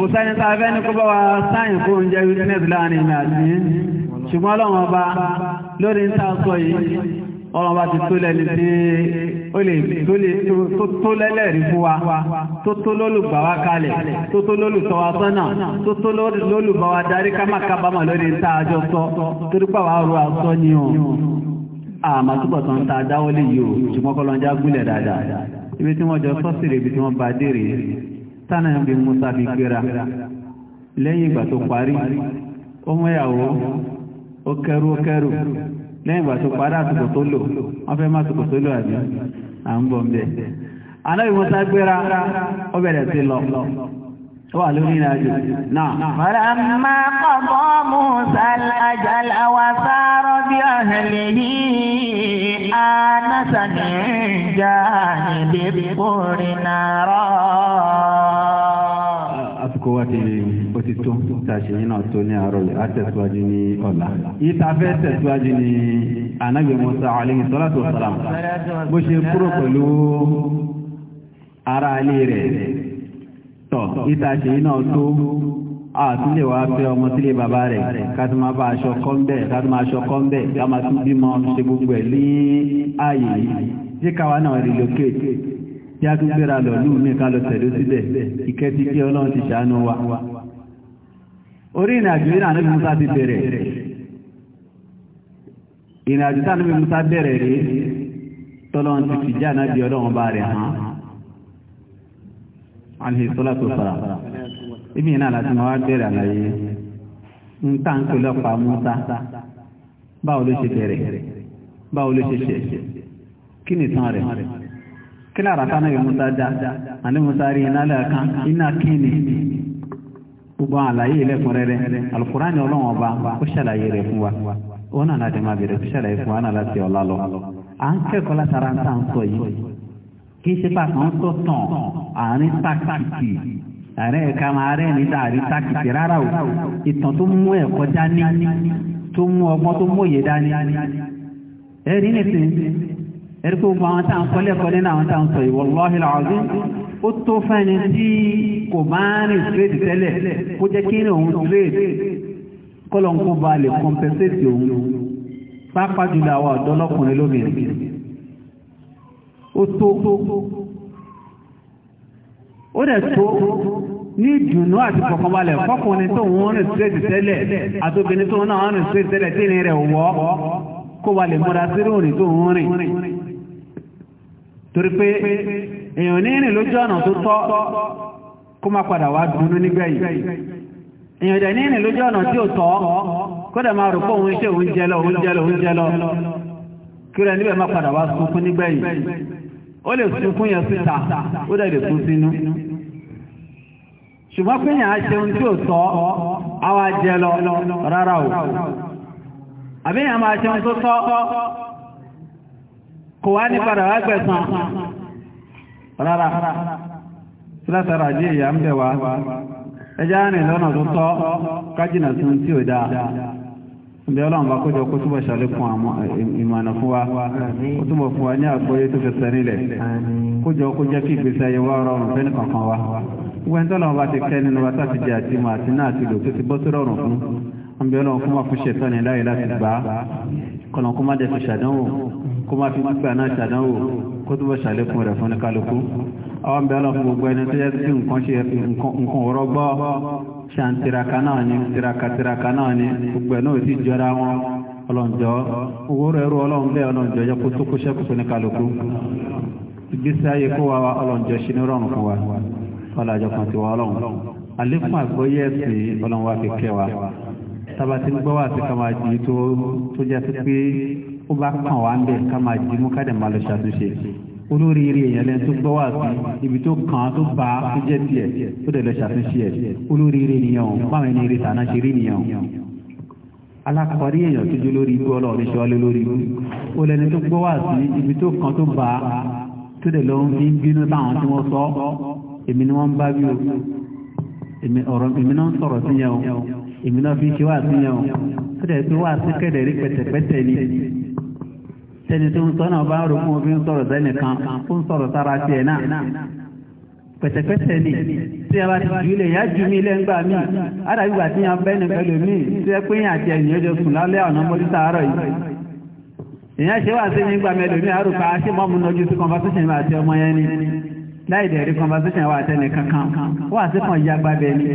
kò sẹ́ni tá fẹ́ ní kó bá wa sáyìn kó ń jẹ́ wíjẹ́ ní ìdílé àárín ìrìn àti ṣùgbọ́n ọlọ́run ọba lórí ń ta sọ yìí ọmọ bá ti tó lẹ́ni tí ó lè tó lẹ́lẹ́rí fún wa tó tó lólùgbà wá kalẹ̀ tó tó lólùtọ́ wa sọ́nà tó tó lólùbà wa darí ká má kábàámà lórí ta àjọ sọ torípà wà rú àsọ ni o àmà túbọ̀ tán ta dáwọ́lé yìí o ṣùgbọ́n kọlọ́njá gúnlẹ̀ dáadáa ibi tí wọ́n jọ sọ́sìrì ibi tí wọ́n bá dé rèé tánà bí Musa fi gbéra lẹ́yìn ìgbà tó parí ó mú ìyàwó ó kẹrù ó kẹrù lẹ́yìn ìgbà tó padà àsìkò tó lò wọ́n fẹ́ má àsìkò tó lò àbí à ń bọ̀ mbẹ́. anábì musa gbéra ó bẹ̀rẹ̀ sí lọ ó wà lórí ìrìnàjò náà. falamma qada musa al-ajala wa sara bi ahlihi anasa min janibi quri nara. àsìkò wa ti tó tàṣe iná tó ní àárọ̀ yìí àtẹ̀síwájú ní ọ̀la. ìtafẹ́ tẹ̀síwájú ní anábì Musa alayhi salatu wa bó ṣe kúrò pẹ̀lú ara alé rẹ̀ tọ̀ ìtàṣe iná tó àtúnlé wa fẹ́ ọmọ sílé bàbá rẹ̀ káti máa bá aṣọ kọ́ńbẹ̀ káti máa aṣọ kọ́ńbẹ̀ ká máa tún bímọ ṣe gbogbo ẹ̀ ní ààyè yìí tí a tún gbéra lọ lù mí lọ tẹ̀lé síbẹ̀ ìkẹ́ ti kí ọlọ́run ti ṣàánú wa. orí ìrìnàjò yìí nàánú Musa ti bẹ̀rẹ̀ ìrìnàjò tánú Musa bẹ̀rẹ̀ rí ti náà bí ọlọ́run bá rẹ̀ hàn alẹ́ fara ibi yìí láti máa wá bẹ̀rẹ̀ àlàyé ń tà ń pè lọ́pàá báwo ló ṣe bẹ̀rẹ̀ báwo ló ṣe gbogbo àlàyé ilẹ̀kùnrẹ́rẹ́ alukurani ọlọ́wọ́n ọba ó ṣàlàyé rẹ̀ fún wa ó nà láti máa bẹ̀rẹ̀ ó ṣàlàyé fún wa náà láti ọ̀la lọ. à ń kẹ́kọ̀ọ́ látara ń tàn sọ yìí kí ṣe bá kan tó tàn àárín tákìtì ààrẹ ẹ̀ka máa rẹ̀ ní dàrí tákìtì rárá o ìtàn tó mú ẹ̀kọ́ dání tó mú ọgbọ́n tó mú òye dání. ẹ̀rí nìsín ẹ̀rí kó gbọ́ àwọn táwọn kọ́lẹ́kọ́lẹ́ ó tó fẹ́ni tí kò bá rìn tírèdì tẹ́lẹ̀ kó jẹ́ kí òun tírèdì kọ́lọ̀ǹkó ba lè kọ́mpẹ́sẹ̀tì òun pápá jùlọ àwọn ọ̀dọ́ lọ́kùnrin lóbìnrin ó tó ó dẹ̀ tó ní ìdùnnú àti kọ̀kànbalẹ̀ fọ́kùnrin tó wọ́n rìn tírèdì tẹ́lẹ̀ àtòbìnrin tó náà rìn tírèdì tẹ́lẹ̀ tí ìrìn rẹ̀ wọ́ kó ba lè múra sí rìn tó ń rìn torí pé èèyàn ní ìrìn lójú ọ̀nà tó tọ́ kó má padà wá dúnú nígbẹ̀yìn èèyàn dẹ̀ ní ìrìn lójú ọ̀nà tí ò tọ́ kó dẹ̀ máa rò pé òun iṣẹ́ òun jẹ lọ òun jẹ lọ òun jẹ lọ kí rẹ̀ níbẹ̀ má padà wá sunkún nígbẹ̀yìn ó lè sunkún yẹn síta ó dẹ̀ lè sún sínú ṣùgbọ́n pé yàn á ṣe ohun tí ò tọ́ àwa jẹ lọ rárá o àbí yàn máa ṣe ohun tó tọ́ kò wá ní padà wá gbẹ̀san rárá sílátara jí ìyà ń bẹ̀ wá ẹjá rìn lọ́nà tó tọ́ kájìnà tún tí ò dáa ìbí ọlọ́run bá kójọ kó túbọ̀ ṣàlékún àwọn ìmọ̀nà fún wa wa ní tó fẹsẹ̀ nílẹ̀ kójọ kó jẹ́ kí ìgbésẹ̀ ayé wa rọrùn fẹ́ni kankan wa wọ́n tọ́lọ́run bá ti kẹ́ nínú wa táti jẹ àti mọ̀ àti náà ti lò tó ti bọ́ sí rọrùn fún ìbí ọlọ́run fún wa fún ní láyé láti gbà kọ̀nà kó má dẹ̀ fi ṣàdánwò kó má fi gbà náà ṣàdánwò kó túbọ̀ ṣàlékún rẹ̀ fún kálukú bẹ̀rẹ̀ lọ fún gbogbo ẹni tó ṣe nǹkan ọ̀rọ̀ gbọ́ ṣe tiraka náà ni tiraka náà ni gbogbo jọra wọn ọlọ́njọ́ owó rẹ̀ rú ọlọ́run bẹ́ẹ̀ ọlọ́njọ́ yẹ kó tó kó ṣẹ́kù fún tába ti ń gbọ́ wá sí ká máa jì tó tó jẹ́ sí pé ó bá kàn wá ń bẹ̀ ká máa jì mú káàdì máa lọ ṣàtúnṣe olóríire èèyàn lẹ́nu tó gbọ́ wá sí ibi tó kàn án tó bá tó jẹ́ tiẹ̀ tó dẹ̀ lọ ṣàtúnṣe ẹ̀ olóríire nìyẹn o báwọn ẹni rí tàná ṣe rí nìyẹn o alákọ̀ọ́rí èèyàn tó jó lórí ibú ọlọ́run ní ṣọ́ọ́lé lórí ibú ó lẹ́ni tó gbọ́ wá sí ibi tó kàn tó bá tó dẹ̀ lọ ń bínú táwọn tí wọ́n sọ èmi ni wọ́n ń bá bí o èmi náà ń sọ̀rọ̀ sí yẹn o èmi náà fi ń ṣe wá sí yẹn o dẹ̀ pé wá sí kẹ̀dẹ̀ pẹ̀tẹ̀pẹ̀tẹ̀ ni tẹni tó ń sọ náà bá ń rò fún òfin sọ̀rọ̀ sẹ́nìkan ó ń sọ̀rọ̀ sára tiẹ̀ náà pẹ̀tẹ̀pẹ̀tẹ̀ ni tí a bá ti jù lè yá jù mí lẹ́ngbà mí àdàbí wà tí yàn bẹ́ẹ̀ nìkan lè mí tí ẹ pé yàn àti ẹ̀yìn ọjọ́ sùn lálẹ́ ọ̀nà mọ́lítà àárọ̀ yìí èèyàn ṣe wà sí ní gbà mẹ́lò àrùkọ àṣẹ mọ́mú náà ju sí conversation àti ọmọ yẹn ni láì dẹ̀ rí conversation wà tẹ́nì kankan wà sí kan yá gbábẹ́ ni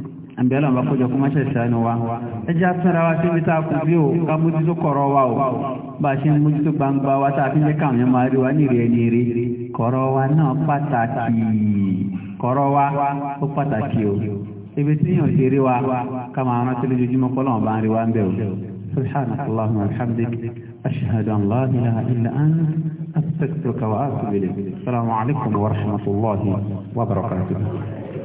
àbẹ̀lẹ̀ ọ̀bá kójọ kó má ṣe sẹ́nu wa ẹjẹ́ afẹ́ra wa síbi tá a kù bí o ká mójútó kọ̀rọ̀ wa o bá a ṣe ń mójútó gbangba wa tá a fi ń jẹ́ káwọn yẹn máa rí wa ní ìrẹ́ ní rí kọ̀rọ̀ wa náà pàtàkì kọ̀rọ̀ wa ó pàtàkì o ibi tí yàn ti rí wa ká máa rántí lójoojúmọ́ kọ́lọ́n bá ń rí wa ń bẹ̀ o subhanaka allahumma wa